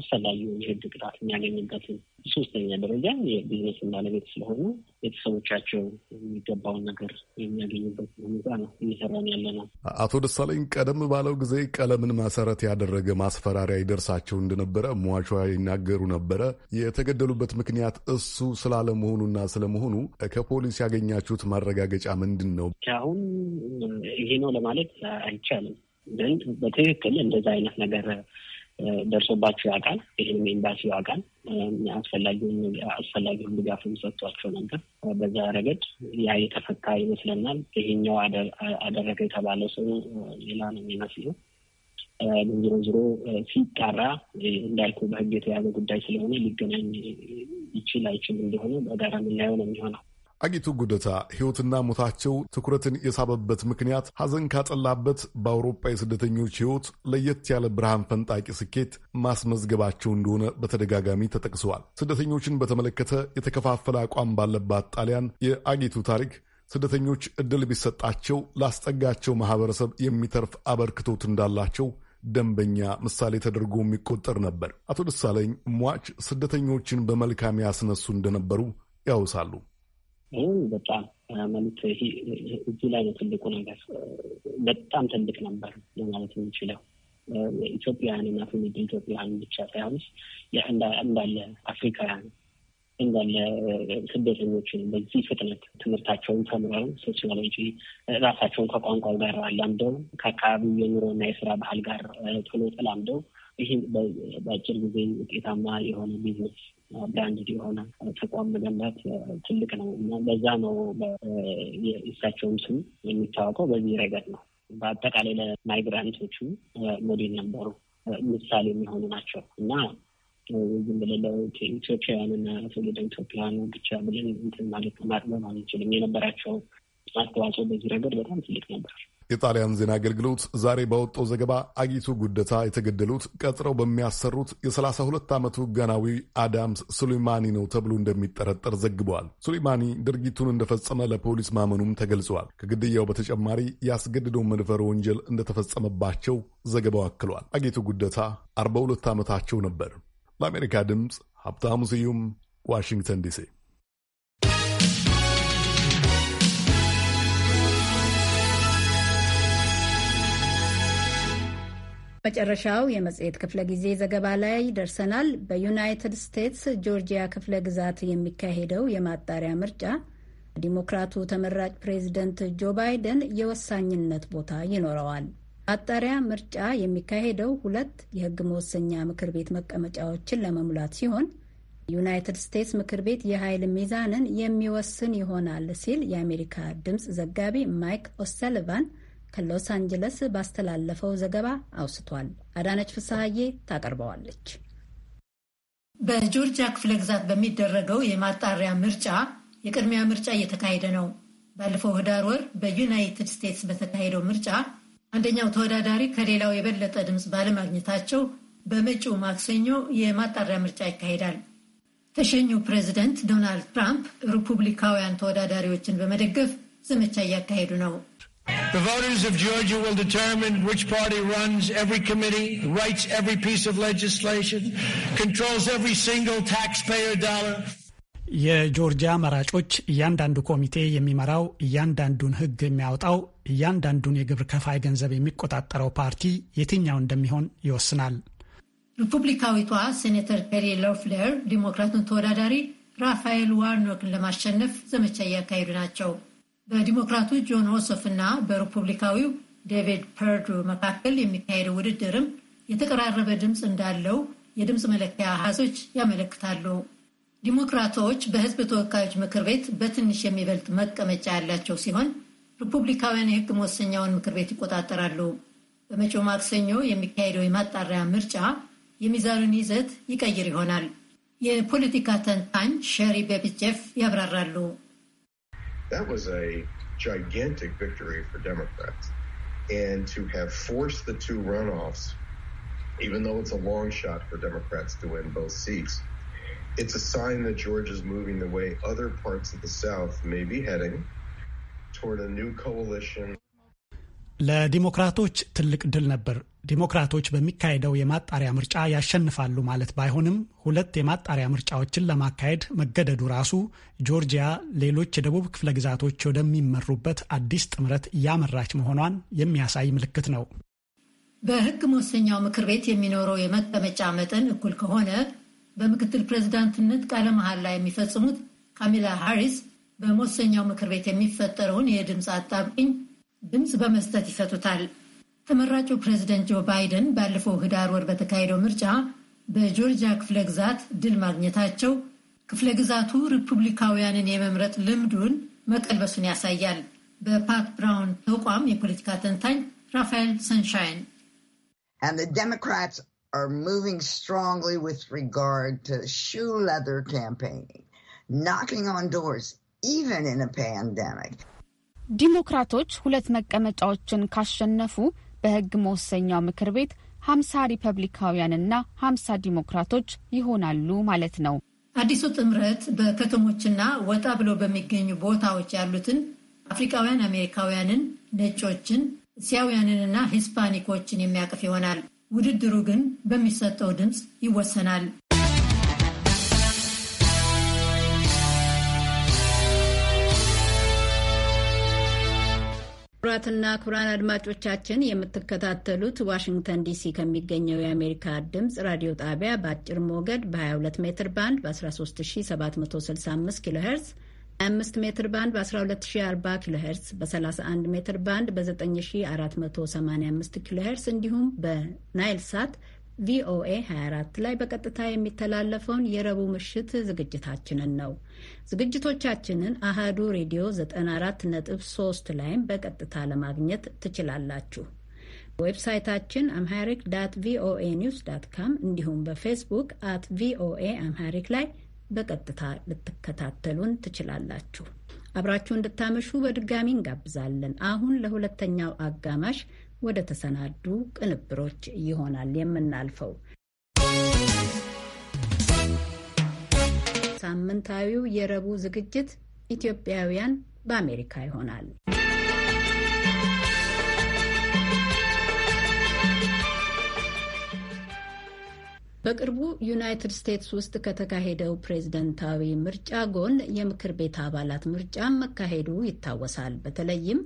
አስፈላጊ የህግ ቅጣት የሚያገኝበት ሶስተኛ ደረጃ የቢዝነስ ባለቤት ስለሆኑ ቤተሰቦቻቸው የሚገባውን ነገር የሚያገኙበት ሁኔታ ነው እየሰራን ያለ ነው። አቶ ደሳለኝ ቀደም ባለው ጊዜ ቀለምን መሰረት ያደረገ ማስፈራሪያ ይደርሳቸው እንደነበረ ሟቿ ይናገሩ ነበረ። የተገደሉበት ምክንያት እሱ ስላለመሆኑና ስለመሆኑ ከፖሊስ ያገኛችሁት ማረጋገጫ ምንድን ነው? አሁን ይሄ ነው ለማለት አይቻልም፣ ግን በትክክል እንደዛ አይነት ነገር ደርሶባቸው ያውቃል። ይህም ኤምባሲ ያውቃል። አስፈላጊውን ድጋፍም ሰጥቷቸው ነበር። በዛ ረገድ ያ የተፈታ ይመስለናል። ይሄኛው አደረገ የተባለ ሰው ሌላ ነው የሚመስለው። ግን ዞሮ ዞሮ ሲጣራ እንዳልኩ በህግ የተያዘ ጉዳይ ስለሆነ ሊገናኝ ይችል አይችል እንደሆነ በጋራ የምናየው ነው የሚሆነው። አጊቱ ጉደታ ሕይወትና ሞታቸው ትኩረትን የሳበበት ምክንያት ሐዘን ካጠላበት በአውሮፓ የስደተኞች ሕይወት ለየት ያለ ብርሃን ፈንጣቂ ስኬት ማስመዝገባቸው እንደሆነ በተደጋጋሚ ተጠቅሰዋል። ስደተኞችን በተመለከተ የተከፋፈለ አቋም ባለባት ጣሊያን የአጊቱ ታሪክ ስደተኞች ዕድል ቢሰጣቸው ላስጠጋቸው ማኅበረሰብ የሚተርፍ አበርክቶት እንዳላቸው ደንበኛ ምሳሌ ተደርጎ የሚቆጠር ነበር። አቶ ደሳለኝ ሟች ስደተኞችን በመልካም ያስነሱ እንደነበሩ ያውሳሉ። ይህም በጣም ማለት እዚህ ላይ ነው ትልቁ ነገር፣ በጣም ትልቅ ነበር ለማለት የምንችለው ኢትዮጵያውያን እና ትውልድ ኢትዮጵያውያን ብቻ ሳይሆንስ እንዳለ አፍሪካውያን እንዳለ ስደተኞችን በዚህ ፍጥነት ትምህርታቸውን ተምረው ሶሲዮሎጂ ራሳቸውን ከቋንቋው ጋር አላምደው ከአካባቢው የኑሮና የስራ ባህል ጋር ቶሎ ተላምደው ይህ በአጭር ጊዜ ውጤታማ የሆነ ቢዝነስ ብራንድ የሆነ ተቋም መገንባት ትልቅ ነው እና በዛ ነው የእሳቸውም ስም የሚታወቀው በዚህ ረገድ ነው። በአጠቃላይ ለማይግራንቶቹ ሞዴል ነበሩ፣ ምሳሌ የሚሆኑ ናቸው እና ዝም ብለን ኢትዮጵያውያንና ትውልደ ኢትዮጵያውያን ብቻ ብለን እንትን ማለት ማድረግ አንችልም። የነበራቸው አስተዋጽኦ በዚህ ረገድ በጣም ትልቅ ነበር። የጣሊያን ዜና አገልግሎት ዛሬ ባወጣው ዘገባ አጊቱ ጉደታ የተገደሉት ቀጥረው በሚያሰሩት የ32 ዓመቱ ጋናዊ አዳምስ ሱሌማኒ ነው ተብሎ እንደሚጠረጠር ዘግበዋል። ሱሌማኒ ድርጊቱን እንደፈጸመ ለፖሊስ ማመኑም ተገልጿል። ከግድያው በተጨማሪ ያስገድደው መድፈር ወንጀል እንደተፈጸመባቸው ዘገባው አክሏል። አጊቱ ጉደታ 42 ዓመታቸው ነበር። ለአሜሪካ ድምፅ ሀብታሙ ስዩም ዋሽንግተን ዲሲ መጨረሻው የመጽሔት ክፍለ ጊዜ ዘገባ ላይ ደርሰናል። በዩናይትድ ስቴትስ ጆርጂያ ክፍለ ግዛት የሚካሄደው የማጣሪያ ምርጫ ዲሞክራቱ ተመራጭ ፕሬዚደንት ጆ ባይደን የወሳኝነት ቦታ ይኖረዋል። ማጣሪያ ምርጫ የሚካሄደው ሁለት የህግ መወሰኛ ምክር ቤት መቀመጫዎችን ለመሙላት ሲሆን ዩናይትድ ስቴትስ ምክር ቤት የኃይል ሚዛንን የሚወስን ይሆናል ሲል የአሜሪካ ድምፅ ዘጋቢ ማይክ ኦሰልቫን ከሎስ አንጀለስ ባስተላለፈው ዘገባ አውስቷል። አዳነች ፍስሐዬ ታቀርበዋለች። በጆርጂያ ክፍለ ግዛት በሚደረገው የማጣሪያ ምርጫ የቅድሚያ ምርጫ እየተካሄደ ነው። ባለፈው ህዳር ወር በዩናይትድ ስቴትስ በተካሄደው ምርጫ አንደኛው ተወዳዳሪ ከሌላው የበለጠ ድምፅ ባለማግኘታቸው በመጪው ማክሰኞ የማጣሪያ ምርጫ ይካሄዳል። ተሸኙ ፕሬዚደንት ዶናልድ ትራምፕ ሪፑብሊካውያን ተወዳዳሪዎችን በመደገፍ ዘመቻ እያካሄዱ ነው። The voters of Georgia will determine which party runs every committee, writes every piece of legislation, controls every single taxpayer dollar. የጆርጂያ መራጮች እያንዳንዱ ኮሚቴ የሚመራው እያንዳንዱን ሕግ የሚያወጣው እያንዳንዱን የግብር ከፋይ ገንዘብ የሚቆጣጠረው ፓርቲ የትኛው እንደሚሆን ይወስናል። ሪፑብሊካዊቷ ሴኔተር ፔሪ ሎፍለር ዲሞክራቱን ተወዳዳሪ ራፋኤል ዋርኖክን ለማሸነፍ ዘመቻ እያካሄዱ ናቸው። በዲሞክራቱ ጆን ሆሶፍ እና በሪፑብሊካዊው ዴቪድ ፐርዱ መካከል የሚካሄደው ውድድርም የተቀራረበ ድምፅ እንዳለው የድምፅ መለኪያ አሃዞች ያመለክታሉ። ዲሞክራቶች በህዝብ ተወካዮች ምክር ቤት በትንሽ የሚበልጥ መቀመጫ ያላቸው ሲሆን ሪፑብሊካውያን የህግ መወሰኛውን ምክር ቤት ይቆጣጠራሉ። በመጪው ማክሰኞ የሚካሄደው የማጣሪያ ምርጫ የሚዛኑን ይዘት ይቀይር ይሆናል። የፖለቲካ ተንታኝ ሸሪ ቤቢትጄፍ ያብራራሉ። that was a gigantic victory for Democrats. And to have forced the two runoffs, even though it's a long shot for Democrats to win both seats, it's a sign that Georgia's moving the way other parts of the South may be heading toward a new coalition. ለዲሞክራቶች ትልቅ ድል ነበር ዲሞክራቶች በሚካሄደው የማጣሪያ ምርጫ ያሸንፋሉ ማለት ባይሆንም ሁለት የማጣሪያ ምርጫዎችን ለማካሄድ መገደዱ ራሱ ጆርጂያ ሌሎች የደቡብ ክፍለ ግዛቶች ወደሚመሩበት አዲስ ጥምረት እያመራች መሆኗን የሚያሳይ ምልክት ነው። በሕግ መወሰኛው ምክር ቤት የሚኖረው የመቀመጫ መጠን እኩል ከሆነ በምክትል ፕሬዚዳንትነት ቃለ ላይ የሚፈጽሙት ካሚላ ሃሪስ በመወሰኛው ምክር ቤት የሚፈጠረውን የድምፅ አጣብቂኝ ድምፅ በመስጠት ይፈቱታል። ተመራጩ ፕሬዚደንት ጆ ባይደን ባለፈው ህዳር ወር በተካሄደው ምርጫ በጆርጂያ ክፍለ ግዛት ድል ማግኘታቸው ክፍለ ግዛቱ ሪፑብሊካውያንን የመምረጥ ልምዱን መቀልበሱን ያሳያል። በፓት ብራውን ተቋም የፖለቲካ ተንታኝ ራፋኤል ሰንሻይን ዲሞክራቶች ሁለት መቀመጫዎችን ካሸነፉ በህግ መወሰኛው ምክር ቤት ሀምሳ ሪፐብሊካውያንና ሀምሳ ዲሞክራቶች ይሆናሉ ማለት ነው። አዲሱ ጥምረት በከተሞችና ወጣ ብሎ በሚገኙ ቦታዎች ያሉትን አፍሪካውያን አሜሪካውያንን፣ ነጮችን፣ እስያውያንንና ሂስፓኒኮችን የሚያቅፍ ይሆናል። ውድድሩ ግን በሚሰጠው ድምፅ ይወሰናል። ክቡራትና ክቡራን አድማጮቻችን የምትከታተሉት ዋሽንግተን ዲሲ ከሚገኘው የአሜሪካ ድምፅ ራዲዮ ጣቢያ በአጭር ሞገድ በ22 ሜትር ባንድ በ13765 ኪሎ ሄርዝ፣ 25 ሜትር ባንድ በ1240 ኪሎ ሄርዝ፣ በ31 ሜትር ባንድ በ9485 ኪሎ ሄርዝ እንዲሁም በናይል ሳት ቪኦኤ 24 ላይ በቀጥታ የሚተላለፈውን የረቡዕ ምሽት ዝግጅታችንን ነው። ዝግጅቶቻችንን አሃዱ ሬዲዮ 94.3 ላይም በቀጥታ ለማግኘት ትችላላችሁ። ዌብሳይታችን አምሃሪክ ዳት ቪኦኤ ኒውስ ዳት ካም እንዲሁም በፌስቡክ አት ቪኦኤ አምሃሪክ ላይ በቀጥታ ልትከታተሉን ትችላላችሁ። አብራችሁ እንድታመሹ በድጋሚ እንጋብዛለን። አሁን ለሁለተኛው አጋማሽ ወደ ተሰናዱ ቅንብሮች ይሆናል የምናልፈው። ሳምንታዊው የረቡዕ ዝግጅት ኢትዮጵያውያን በአሜሪካ ይሆናል። በቅርቡ ዩናይትድ ስቴትስ ውስጥ ከተካሄደው ፕሬዝደንታዊ ምርጫ ጎን የምክር ቤት አባላት ምርጫ መካሄዱ ይታወሳል። በተለይም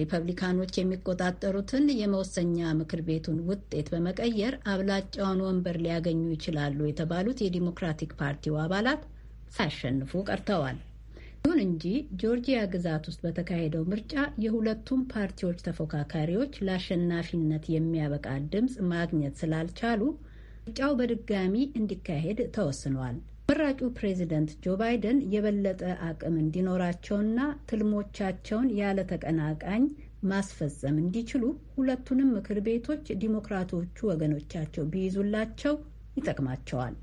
ሪፐብሊካኖች የሚቆጣጠሩትን የመወሰኛ ምክር ቤቱን ውጤት በመቀየር አብላጫውን ወንበር ሊያገኙ ይችላሉ የተባሉት የዲሞክራቲክ ፓርቲው አባላት ሳያሸንፉ ቀርተዋል። ይሁን እንጂ ጆርጂያ ግዛት ውስጥ በተካሄደው ምርጫ የሁለቱም ፓርቲዎች ተፎካካሪዎች ለአሸናፊነት የሚያበቃ ድምፅ ማግኘት ስላልቻሉ ምርጫው በድጋሚ እንዲካሄድ ተወስኗል። መራጩ ፕሬዚደንት ጆ ባይደን የበለጠ አቅም እንዲኖራቸውና ትልሞቻቸውን ያለ ተቀናቃኝ ማስፈጸም እንዲችሉ ሁለቱንም ምክር ቤቶች ዲሞክራቶቹ ወገኖቻቸው ቢይዙላቸው ይጠቅማቸዋል።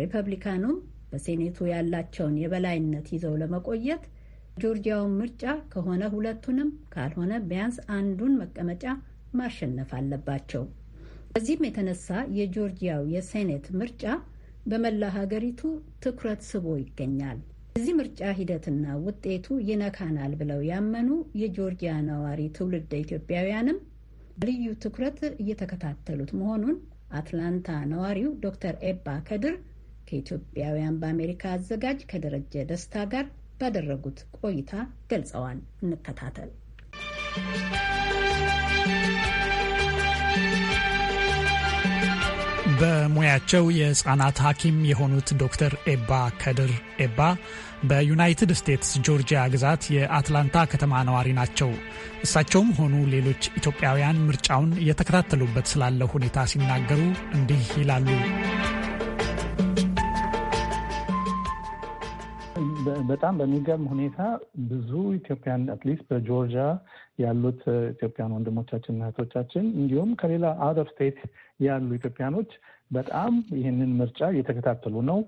ሪፐብሊካኑም በሴኔቱ ያላቸውን የበላይነት ይዘው ለመቆየት ጆርጂያውን ምርጫ ከሆነ ሁለቱንም ካልሆነ ቢያንስ አንዱን መቀመጫ ማሸነፍ አለባቸው። በዚህም የተነሳ የጆርጂያው የሴኔት ምርጫ በመላ ሀገሪቱ ትኩረት ስቦ ይገኛል። እዚህ ምርጫ ሂደትና ውጤቱ ይነካናል ብለው ያመኑ የጆርጂያ ነዋሪ ትውልደ ኢትዮጵያውያንም ልዩ ትኩረት እየተከታተሉት መሆኑን አትላንታ ነዋሪው ዶክተር ኤባ ከድር ከኢትዮጵያውያን በአሜሪካ አዘጋጅ ከደረጀ ደስታ ጋር ባደረጉት ቆይታ ገልጸዋል። እንከታተል። በሙያቸው የህፃናት ሐኪም የሆኑት ዶክተር ኤባ ከድር ኤባ በዩናይትድ ስቴትስ ጆርጂያ ግዛት የአትላንታ ከተማ ነዋሪ ናቸው። እሳቸውም ሆኑ ሌሎች ኢትዮጵያውያን ምርጫውን እየተከታተሉበት ስላለው ሁኔታ ሲናገሩ እንዲህ ይላሉ። በጣም በሚገርም ሁኔታ ብዙ ኢትዮጵያን አትሊስት በጆርጂያ ያሉት ኢትዮጵያን ወንድሞቻችንና እህቶቻችን እንዲሁም ከሌላ አውት ኦፍ ስቴት ያሉ ኢትዮጵያኖች በጣም ይህንን ምርጫ እየተከታተሉ ነው።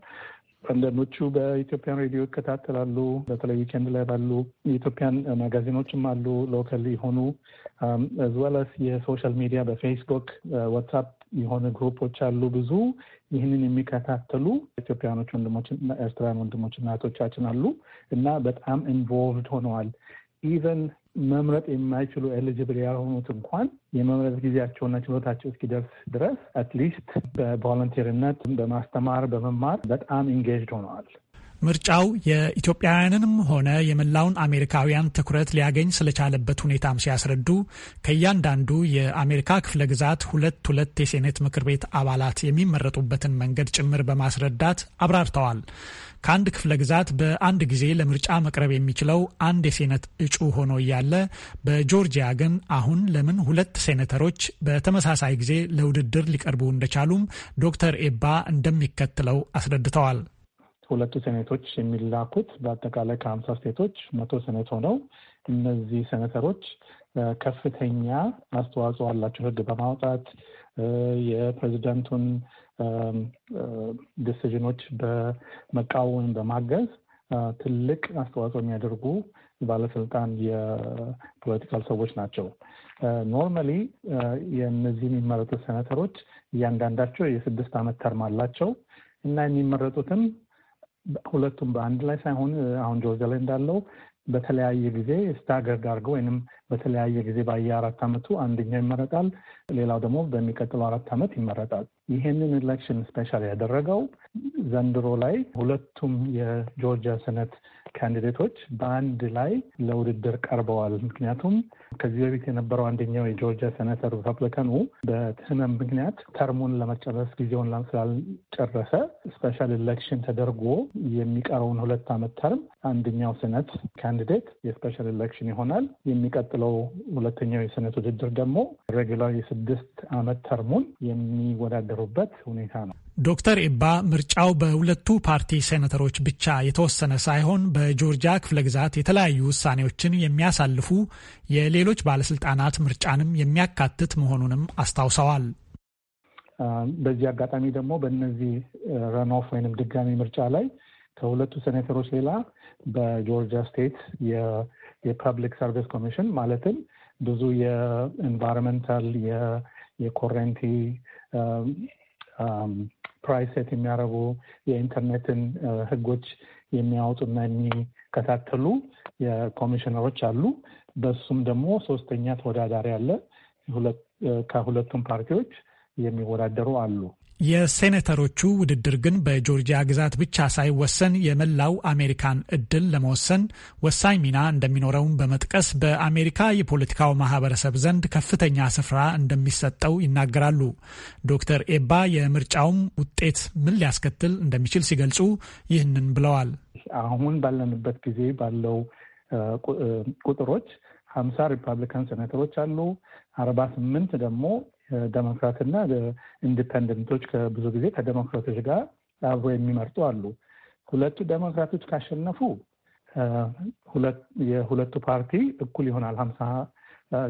አንዳንዶቹ በኢትዮጵያን ሬዲዮ ይከታተላሉ። በተለይ ዊኬንድ ላይ ባሉ የኢትዮጵያን ማጋዚኖችም አሉ ሎከል የሆኑ አዝዋላስ um, የሶሻል ሚዲያ በፌስቡክ ዋትሳፕ የሆነ ግሩፖች አሉ። ብዙ ይህንን የሚከታተሉ ኢትዮጵያኖች ወንድሞችና ኤርትራውያን ወንድሞችና እህቶቻችን አሉ እና በጣም ኢንቮልቭድ ሆነዋል ኢቨን መምረጥ የማይችሉ ኤሊጅብል ያልሆኑት እንኳን የመምረጥ ጊዜያቸውና ችሎታቸው እስኪደርስ ድረስ አትሊስት በቮለንቲርነት በማስተማር በመማር በጣም ኢንጌጅድ ሆነዋል። ምርጫው የኢትዮጵያውያንንም ሆነ የመላውን አሜሪካውያን ትኩረት ሊያገኝ ስለቻለበት ሁኔታም ሲያስረዱ ከእያንዳንዱ የአሜሪካ ክፍለ ግዛት ሁለት ሁለት የሴኔት ምክር ቤት አባላት የሚመረጡበትን መንገድ ጭምር በማስረዳት አብራርተዋል። ከአንድ ክፍለ ግዛት በአንድ ጊዜ ለምርጫ መቅረብ የሚችለው አንድ የሴነት እጩ ሆኖ እያለ በጆርጂያ ግን አሁን ለምን ሁለት ሴኔተሮች በተመሳሳይ ጊዜ ለውድድር ሊቀርቡ እንደቻሉም ዶክተር ኤባ እንደሚከተለው አስረድተዋል። ሁለቱ ሴኔቶች የሚላኩት በአጠቃላይ ከሀምሳ ስቴቶች መቶ ሴኔት ሆነው እነዚህ ሴኔተሮች ከፍተኛ አስተዋጽኦ አላቸው። ህግ በማውጣት የፕሬዚደንቱን ዲሲዥኖች በመቃወም በማገዝ ትልቅ አስተዋጽኦ የሚያደርጉ ባለስልጣን የፖለቲካል ሰዎች ናቸው። ኖርማሊ የእነዚህ የሚመረጡት ሴኔተሮች እያንዳንዳቸው የስድስት ዓመት ተርም አላቸው እና የሚመረጡትም ሁለቱም በአንድ ላይ ሳይሆን አሁን ጆርጂያ ላይ እንዳለው በተለያየ ጊዜ ስታገርድ አድርገው ወይም በተለያየ ጊዜ አራት ዓመቱ አንደኛው ይመረጣል፣ ሌላው ደግሞ በሚቀጥለው አራት ዓመት ይመረጣል። ይሄንን ኤሌክሽን ስፔሻል ያደረገው ዘንድሮ ላይ ሁለቱም የጆርጂያ ሰነት ካንዲዴቶች በአንድ ላይ ለውድድር ቀርበዋል። ምክንያቱም ከዚህ በፊት የነበረው አንደኛው የጆርጂያ ሴኔተር ሪፐብሊካኑ በትህነም ምክንያት ተርሙን ለመጨረስ ጊዜውን ስላልጨረሰ ስፔሻል ኤሌክሽን ተደርጎ የሚቀረውን ሁለት ዓመት ተርም አንደኛው ሴኔት ካንዲዴት የስፔሻል ኤሌክሽን ይሆናል። የሚቀጥለው ሁለተኛው የሴኔት ውድድር ደግሞ ሬጉላር የስድስት ዓመት ተርሙን የሚወዳደሩበት ሁኔታ ነው። ዶክተር ኤባ ምርጫው በሁለቱ ፓርቲ ሴኔተሮች ብቻ የተወሰነ ሳይሆን በጆርጂያ ክፍለ ግዛት የተለያዩ ውሳኔዎችን የሚያሳልፉ የሌ የሌሎች ባለስልጣናት ምርጫንም የሚያካትት መሆኑንም አስታውሰዋል። በዚህ አጋጣሚ ደግሞ በእነዚህ ረኖፍ ወይንም ድጋሚ ምርጫ ላይ ከሁለቱ ሴኔተሮች ሌላ በጆርጂያ ስቴት የፐብሊክ ሰርቪስ ኮሚሽን ማለትም ብዙ የኤንቫይሮንመንታል የኮረንቲ ፕራይስ ሴት የሚያደርጉ የኢንተርኔትን ህጎች የሚያወጡና የሚከታተሉ የኮሚሽነሮች አሉ። በሱም ደግሞ ሶስተኛ ተወዳዳሪ አለ። ከሁለቱም ፓርቲዎች የሚወዳደሩ አሉ። የሴኔተሮቹ ውድድር ግን በጆርጂያ ግዛት ብቻ ሳይወሰን የመላው አሜሪካን እድል ለመወሰን ወሳኝ ሚና እንደሚኖረውም በመጥቀስ በአሜሪካ የፖለቲካው ማህበረሰብ ዘንድ ከፍተኛ ስፍራ እንደሚሰጠው ይናገራሉ። ዶክተር ኤባ የምርጫውም ውጤት ምን ሊያስከትል እንደሚችል ሲገልጹ ይህንን ብለዋል። አሁን ባለንበት ጊዜ ባለው ቁጥሮች ሀምሳ ሪፐብሊካን ሴኔተሮች አሉ። አርባ ስምንት ደግሞ ዴሞክራትና ኢንዲፐንደንቶች ከብዙ ጊዜ ከዴሞክራቶች ጋር አብሮ የሚመርጡ አሉ። ሁለቱ ዴሞክራቶች ካሸነፉ የሁለቱ ፓርቲ እኩል ይሆናል። ሀምሳ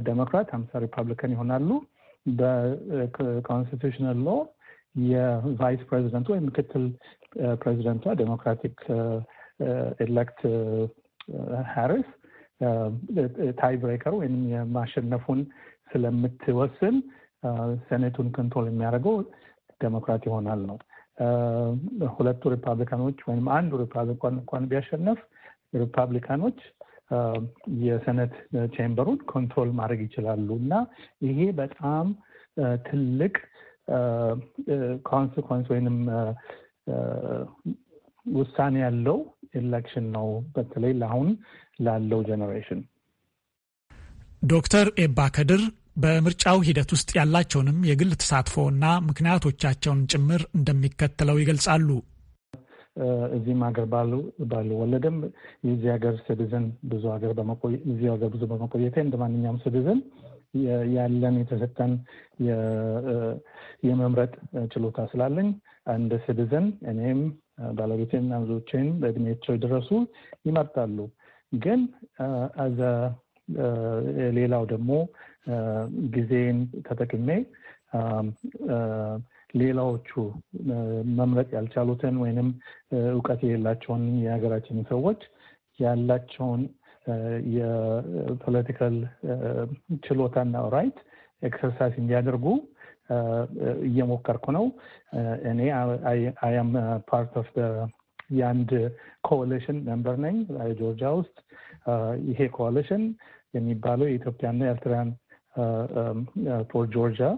ዴሞክራት ሀምሳ ሪፐብሊካን ይሆናሉ። በኮንስቲቱሽናል ሎ የቫይስ ፕሬዚደንቱ ወይም ምክትል ፕሬዚደንቷ ዴሞክራቲክ ኤሌክት ሃሪስ ታይ ብሬከር ወይም የማሸነፉን ስለምትወስን ሴኔቱን ኮንትሮል የሚያደርገው ዴሞክራት ይሆናል ነው። ሁለቱ ሪፐብሊካኖች ወይም አንዱ ሪፐብሊካን እንኳን ቢያሸነፍ ሪፐብሊካኖች የሰነት ቼምበሩን ኮንትሮል ማድረግ ይችላሉ እና ይሄ በጣም ትልቅ ኮንስኮንስ ወይንም ውሳኔ ያለው ኤሌክሽን ነው። በተለይ ለአሁን ላለው ጀኔሬሽን። ዶክተር ኤባ ከድር በምርጫው ሂደት ውስጥ ያላቸውንም የግል ተሳትፎና ምክንያቶቻቸውን ጭምር እንደሚከተለው ይገልጻሉ። እዚህም ሀገር ባሉ ባሉ ወለድም የዚህ ሀገር ሲቲዝን ብዙ ሀገር እዚህ ሀገር ብዙ በመቆየቴ እንደ ማንኛውም ሲቲዝን ያለን የተሰጠን የመምረጥ ችሎታ ስላለኝ እንደ ሲቲዝን እኔም ባለቤቴና ልጆቼን በእድሜያቸው የደረሱ ይመርጣሉ። ግን አዘ ሌላው ደግሞ ጊዜን ተጠቅሜ ሌላዎቹ መምረጥ ያልቻሉትን ወይንም እውቀት የሌላቸውን የሀገራችንን ሰዎች ያላቸውን የፖለቲካል ችሎታና ራይት ኤክሰርሳይዝ እንዲያደርጉ እየሞከርኩ ነው። እኔ አይ አም ፓርት ኦፍ የአንድ ኮሊሽን ሜምበር ነኝ ጆርጂያ ውስጥ። ይሄ ኮሊሽን የሚባለው የኢትዮጵያና ኤርትራን ፎር ጆርጂያ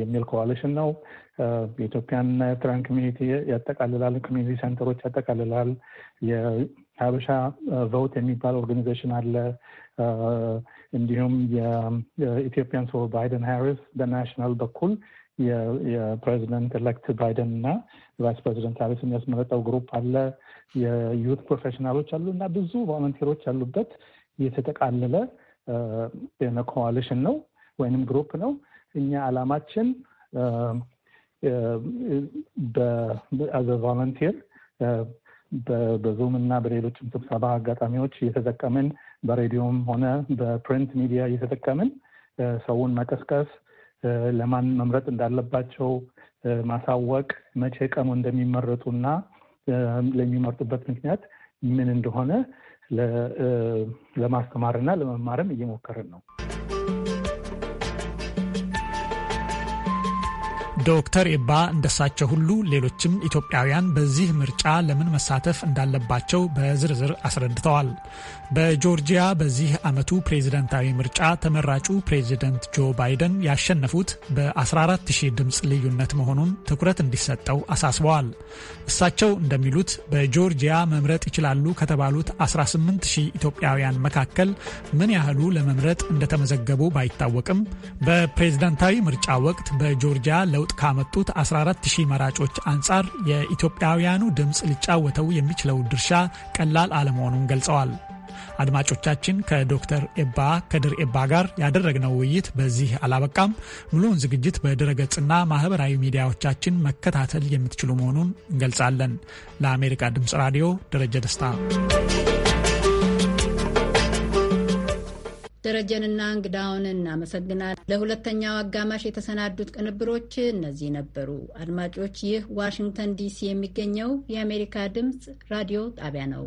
የሚል ኮዋሊሽን ነው። የኢትዮጵያንና ኤርትራን ኮሚኒቲ ያጠቃልላል። ኮሚኒቲ ሴንተሮች ያጠቃልላል። የሀበሻ ቮት የሚባል ኦርጋኒዜሽን አለ። እንዲሁም የኢትዮጵያን ፎር ባይደን ሃሪስ በናሽናል በኩል የፕሬዚደንት ኤሌክት ባይደን እና የቫይስ ፕሬዚደንት ሀሪስ የሚያስመረጠው ግሩፕ አለ፣ የዩት ፕሮፌሽናሎች አሉ እና ብዙ ቮለንቲሮች ያሉበት የተጠቃለለ ኮዋሊሽን ነው ወይንም ግሩፕ ነው። እኛ አላማችን አዘ ቮለንቲር በዙም እና በሌሎችም ስብሰባ አጋጣሚዎች እየተጠቀምን በሬዲዮም ሆነ በፕሪንት ሚዲያ እየተጠቀምን ሰውን መቀስቀስ ለማን መምረጥ እንዳለባቸው ማሳወቅ፣ መቼ ቀኑ እንደሚመረጡና ለሚመርጡበት ምክንያት ምን እንደሆነ ለማስተማርና ለመማርም እየሞከርን ነው። ዶክተር ኤባ እንደሳቸው ሁሉ ሌሎችም ኢትዮጵያውያን በዚህ ምርጫ ለምን መሳተፍ እንዳለባቸው በዝርዝር አስረድተዋል። በጆርጂያ በዚህ ዓመቱ ፕሬዝደንታዊ ምርጫ ተመራጩ ፕሬዝደንት ጆ ባይደን ያሸነፉት በ14000 ድምፅ ልዩነት መሆኑን ትኩረት እንዲሰጠው አሳስበዋል። እሳቸው እንደሚሉት በጆርጂያ መምረጥ ይችላሉ ከተባሉት 18000 ኢትዮጵያውያን መካከል ምን ያህሉ ለመምረጥ እንደተመዘገቡ ባይታወቅም በፕሬዝደንታዊ ምርጫ ወቅት በጆርጂያ ለውጥ ካመጡት 140 መራጮች አንጻር የኢትዮጵያውያኑ ድምፅ ሊጫወተው የሚችለው ድርሻ ቀላል አለመሆኑን ገልጸዋል። አድማጮቻችን ከዶክተር ኤባ ከድር ኤባ ጋር ያደረግነው ውይይት በዚህ አላበቃም። ሙሉውን ዝግጅት በድረገጽና ማህበራዊ ሚዲያዎቻችን መከታተል የምትችሉ መሆኑን እንገልጻለን። ለአሜሪካ ድምፅ ራዲዮ ደረጀ ደስታ ደረጀንና እንግዳውን እናመሰግናል። ለሁለተኛው አጋማሽ የተሰናዱት ቅንብሮች እነዚህ ነበሩ። አድማጮች፣ ይህ ዋሽንግተን ዲሲ የሚገኘው የአሜሪካ ድምፅ ራዲዮ ጣቢያ ነው።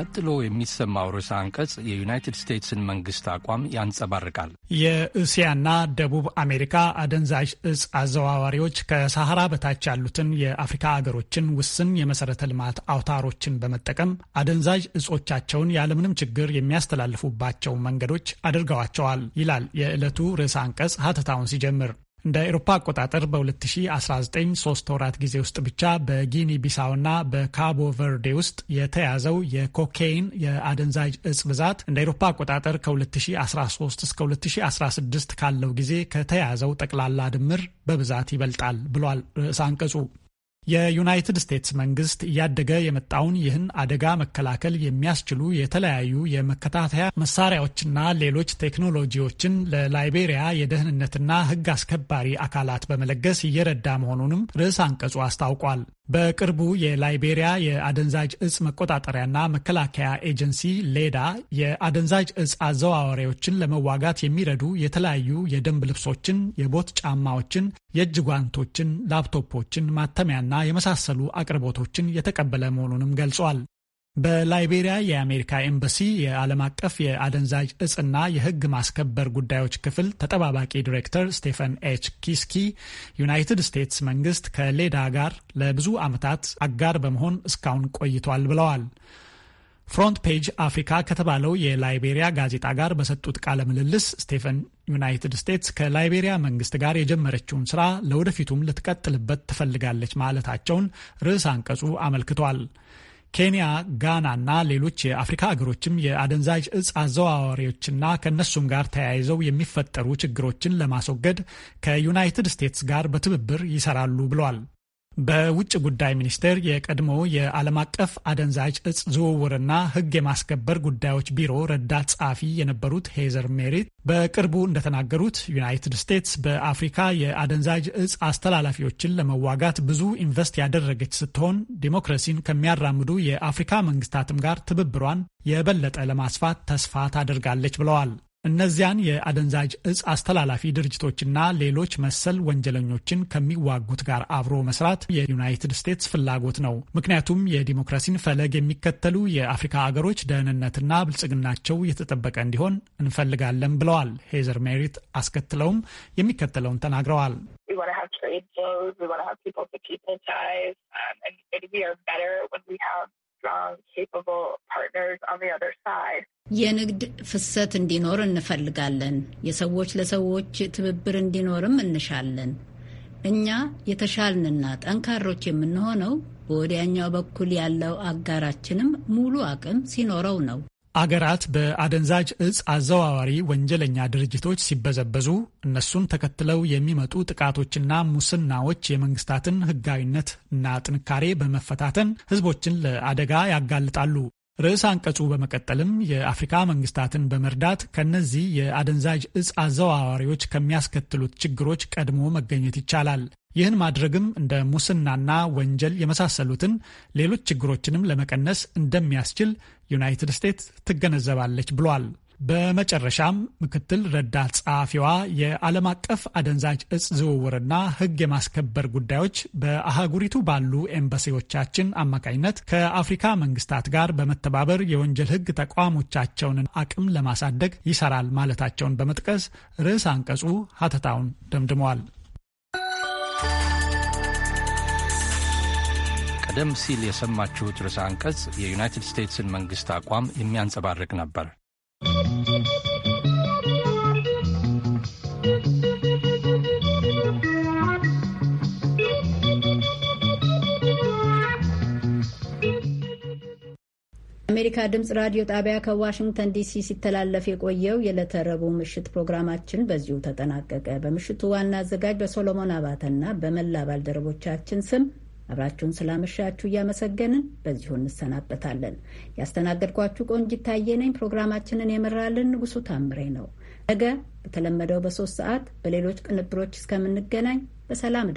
ቀጥሎ የሚሰማው ርዕሰ አንቀጽ የዩናይትድ ስቴትስን መንግስት አቋም ያንጸባርቃል። የእስያና ደቡብ አሜሪካ አደንዛዥ እጽ አዘዋዋሪዎች ከሳሐራ በታች ያሉትን የአፍሪካ አገሮችን ውስን የመሰረተ ልማት አውታሮችን በመጠቀም አደንዛዥ እጾቻቸውን ያለምንም ችግር የሚያስተላልፉባቸው መንገዶች አድርገዋቸዋል ይላል የዕለቱ ርዕሰ አንቀጽ ሀተታውን ሲጀምር እንደ አውሮፓ አቆጣጠር በ2019 ሶስት ወራት ጊዜ ውስጥ ብቻ በጊኒ ቢሳውና በካቦ ቨርዴ ውስጥ የተያዘው የኮኬይን የአደንዛዥ እጽ ብዛት እንደ አውሮፓ አቆጣጠር ከ2013 እስከ 2016 ካለው ጊዜ ከተያዘው ጠቅላላ ድምር በብዛት ይበልጣል ብሏል ርዕሰ አንቀጹ። የዩናይትድ ስቴትስ መንግስት እያደገ የመጣውን ይህን አደጋ መከላከል የሚያስችሉ የተለያዩ የመከታተያ መሳሪያዎችና ሌሎች ቴክኖሎጂዎችን ለላይቤሪያ የደህንነትና ሕግ አስከባሪ አካላት በመለገስ እየረዳ መሆኑንም ርዕስ አንቀጹ አስታውቋል። በቅርቡ የላይቤሪያ የአደንዛጅ እጽ መቆጣጠሪያና መከላከያ ኤጀንሲ ሌዳ የአደንዛጅ እጽ አዘዋዋሪዎችን ለመዋጋት የሚረዱ የተለያዩ የደንብ ልብሶችን፣ የቦት ጫማዎችን፣ የእጅ ጓንቶችን፣ ላፕቶፖችን፣ ማተሚያና የመሳሰሉ አቅርቦቶችን የተቀበለ መሆኑንም ገልጿል። በላይቤሪያ የአሜሪካ ኤምባሲ የዓለም አቀፍ የአደንዛዥ እጽና የሕግ ማስከበር ጉዳዮች ክፍል ተጠባባቂ ዲሬክተር ስቴፈን ኤች ኪስኪ ዩናይትድ ስቴትስ መንግስት ከሌዳ ጋር ለብዙ ዓመታት አጋር በመሆን እስካሁን ቆይቷል ብለዋል። ፍሮንት ፔጅ አፍሪካ ከተባለው የላይቤሪያ ጋዜጣ ጋር በሰጡት ቃለ ምልልስ ስቴፈን ዩናይትድ ስቴትስ ከላይቤሪያ መንግስት ጋር የጀመረችውን ስራ ለወደፊቱም ልትቀጥልበት ትፈልጋለች ማለታቸውን ርዕስ አንቀጹ አመልክቷል። ኬንያ፣ ጋና እና ሌሎች የአፍሪካ አገሮችም የአደንዛዥ እጽ አዘዋዋሪዎችና ከእነሱም ጋር ተያይዘው የሚፈጠሩ ችግሮችን ለማስወገድ ከዩናይትድ ስቴትስ ጋር በትብብር ይሰራሉ ብለዋል። በውጭ ጉዳይ ሚኒስቴር የቀድሞ የዓለም አቀፍ አደንዛዥ እጽ ዝውውርና ሕግ የማስከበር ጉዳዮች ቢሮ ረዳት ጸሐፊ የነበሩት ሄዘር ሜሪት በቅርቡ እንደተናገሩት ዩናይትድ ስቴትስ በአፍሪካ የአደንዛዥ እጽ አስተላላፊዎችን ለመዋጋት ብዙ ኢንቨስት ያደረገች ስትሆን ዲሞክራሲን ከሚያራምዱ የአፍሪካ መንግስታትም ጋር ትብብሯን የበለጠ ለማስፋት ተስፋ ታደርጋለች ብለዋል። እነዚያን የአደንዛዥ እጽ አስተላላፊ ድርጅቶችና ሌሎች መሰል ወንጀለኞችን ከሚዋጉት ጋር አብሮ መስራት የዩናይትድ ስቴትስ ፍላጎት ነው። ምክንያቱም የዲሞክራሲን ፈለግ የሚከተሉ የአፍሪካ አገሮች ደህንነትና ብልጽግናቸው የተጠበቀ እንዲሆን እንፈልጋለን ብለዋል። ሄዘር ሜሪት አስከትለውም የሚከተለውን ተናግረዋል። strong, capable partners on the other side. የንግድ ፍሰት እንዲኖር እንፈልጋለን። የሰዎች ለሰዎች ትብብር እንዲኖርም እንሻለን። እኛ የተሻልንና ጠንካሮች የምንሆነው በወዲያኛው በኩል ያለው አጋራችንም ሙሉ አቅም ሲኖረው ነው። አገራት በአደንዛጅ እጽ አዘዋዋሪ ወንጀለኛ ድርጅቶች ሲበዘበዙ እነሱን ተከትለው የሚመጡ ጥቃቶችና ሙስናዎች የመንግስታትን ህጋዊነት እና ጥንካሬ በመፈታተን ህዝቦችን ለአደጋ ያጋልጣሉ። ርዕስ አንቀጹ በመቀጠልም የአፍሪካ መንግስታትን በመርዳት ከነዚህ የአደንዛዥ እጽ አዘዋዋሪዎች ከሚያስከትሉት ችግሮች ቀድሞ መገኘት ይቻላል። ይህን ማድረግም እንደ ሙስናና ወንጀል የመሳሰሉትን ሌሎች ችግሮችንም ለመቀነስ እንደሚያስችል ዩናይትድ ስቴትስ ትገነዘባለች ብሏል። በመጨረሻም ምክትል ረዳት ጸሐፊዋ የዓለም አቀፍ አደንዛዥ እጽ ዝውውርና ሕግ የማስከበር ጉዳዮች በአህጉሪቱ ባሉ ኤምባሲዎቻችን አማካኝነት ከአፍሪካ መንግስታት ጋር በመተባበር የወንጀል ሕግ ተቋሞቻቸውን አቅም ለማሳደግ ይሰራል ማለታቸውን በመጥቀስ ርዕስ አንቀጹ ሀተታውን ደምድመዋል። ቀደም ሲል የሰማችሁት ርዕሰ አንቀጽ የዩናይትድ ስቴትስን መንግስት አቋም የሚያንጸባርቅ ነበር። የአሜሪካ ድምፅ ራዲዮ ጣቢያ ከዋሽንግተን ዲሲ ሲተላለፍ የቆየው የዕለተ ረቡዕ ምሽት ፕሮግራማችን በዚሁ ተጠናቀቀ። በምሽቱ ዋና አዘጋጅ በሶሎሞን አባተና በመላ ባልደረቦቻችን ስም አብራችሁን ስላመሻችሁ እያመሰገንን በዚሁ እንሰናበታለን። ያስተናገድኳችሁ ቆንጂት ታየ ነኝ። ፕሮግራማችንን የመራልን ንጉሱ ታምሬ ነው። ነገ በተለመደው በሶስት ሰዓት በሌሎች ቅንብሮች እስከምንገናኝ በሰላም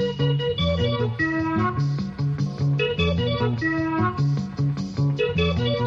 you.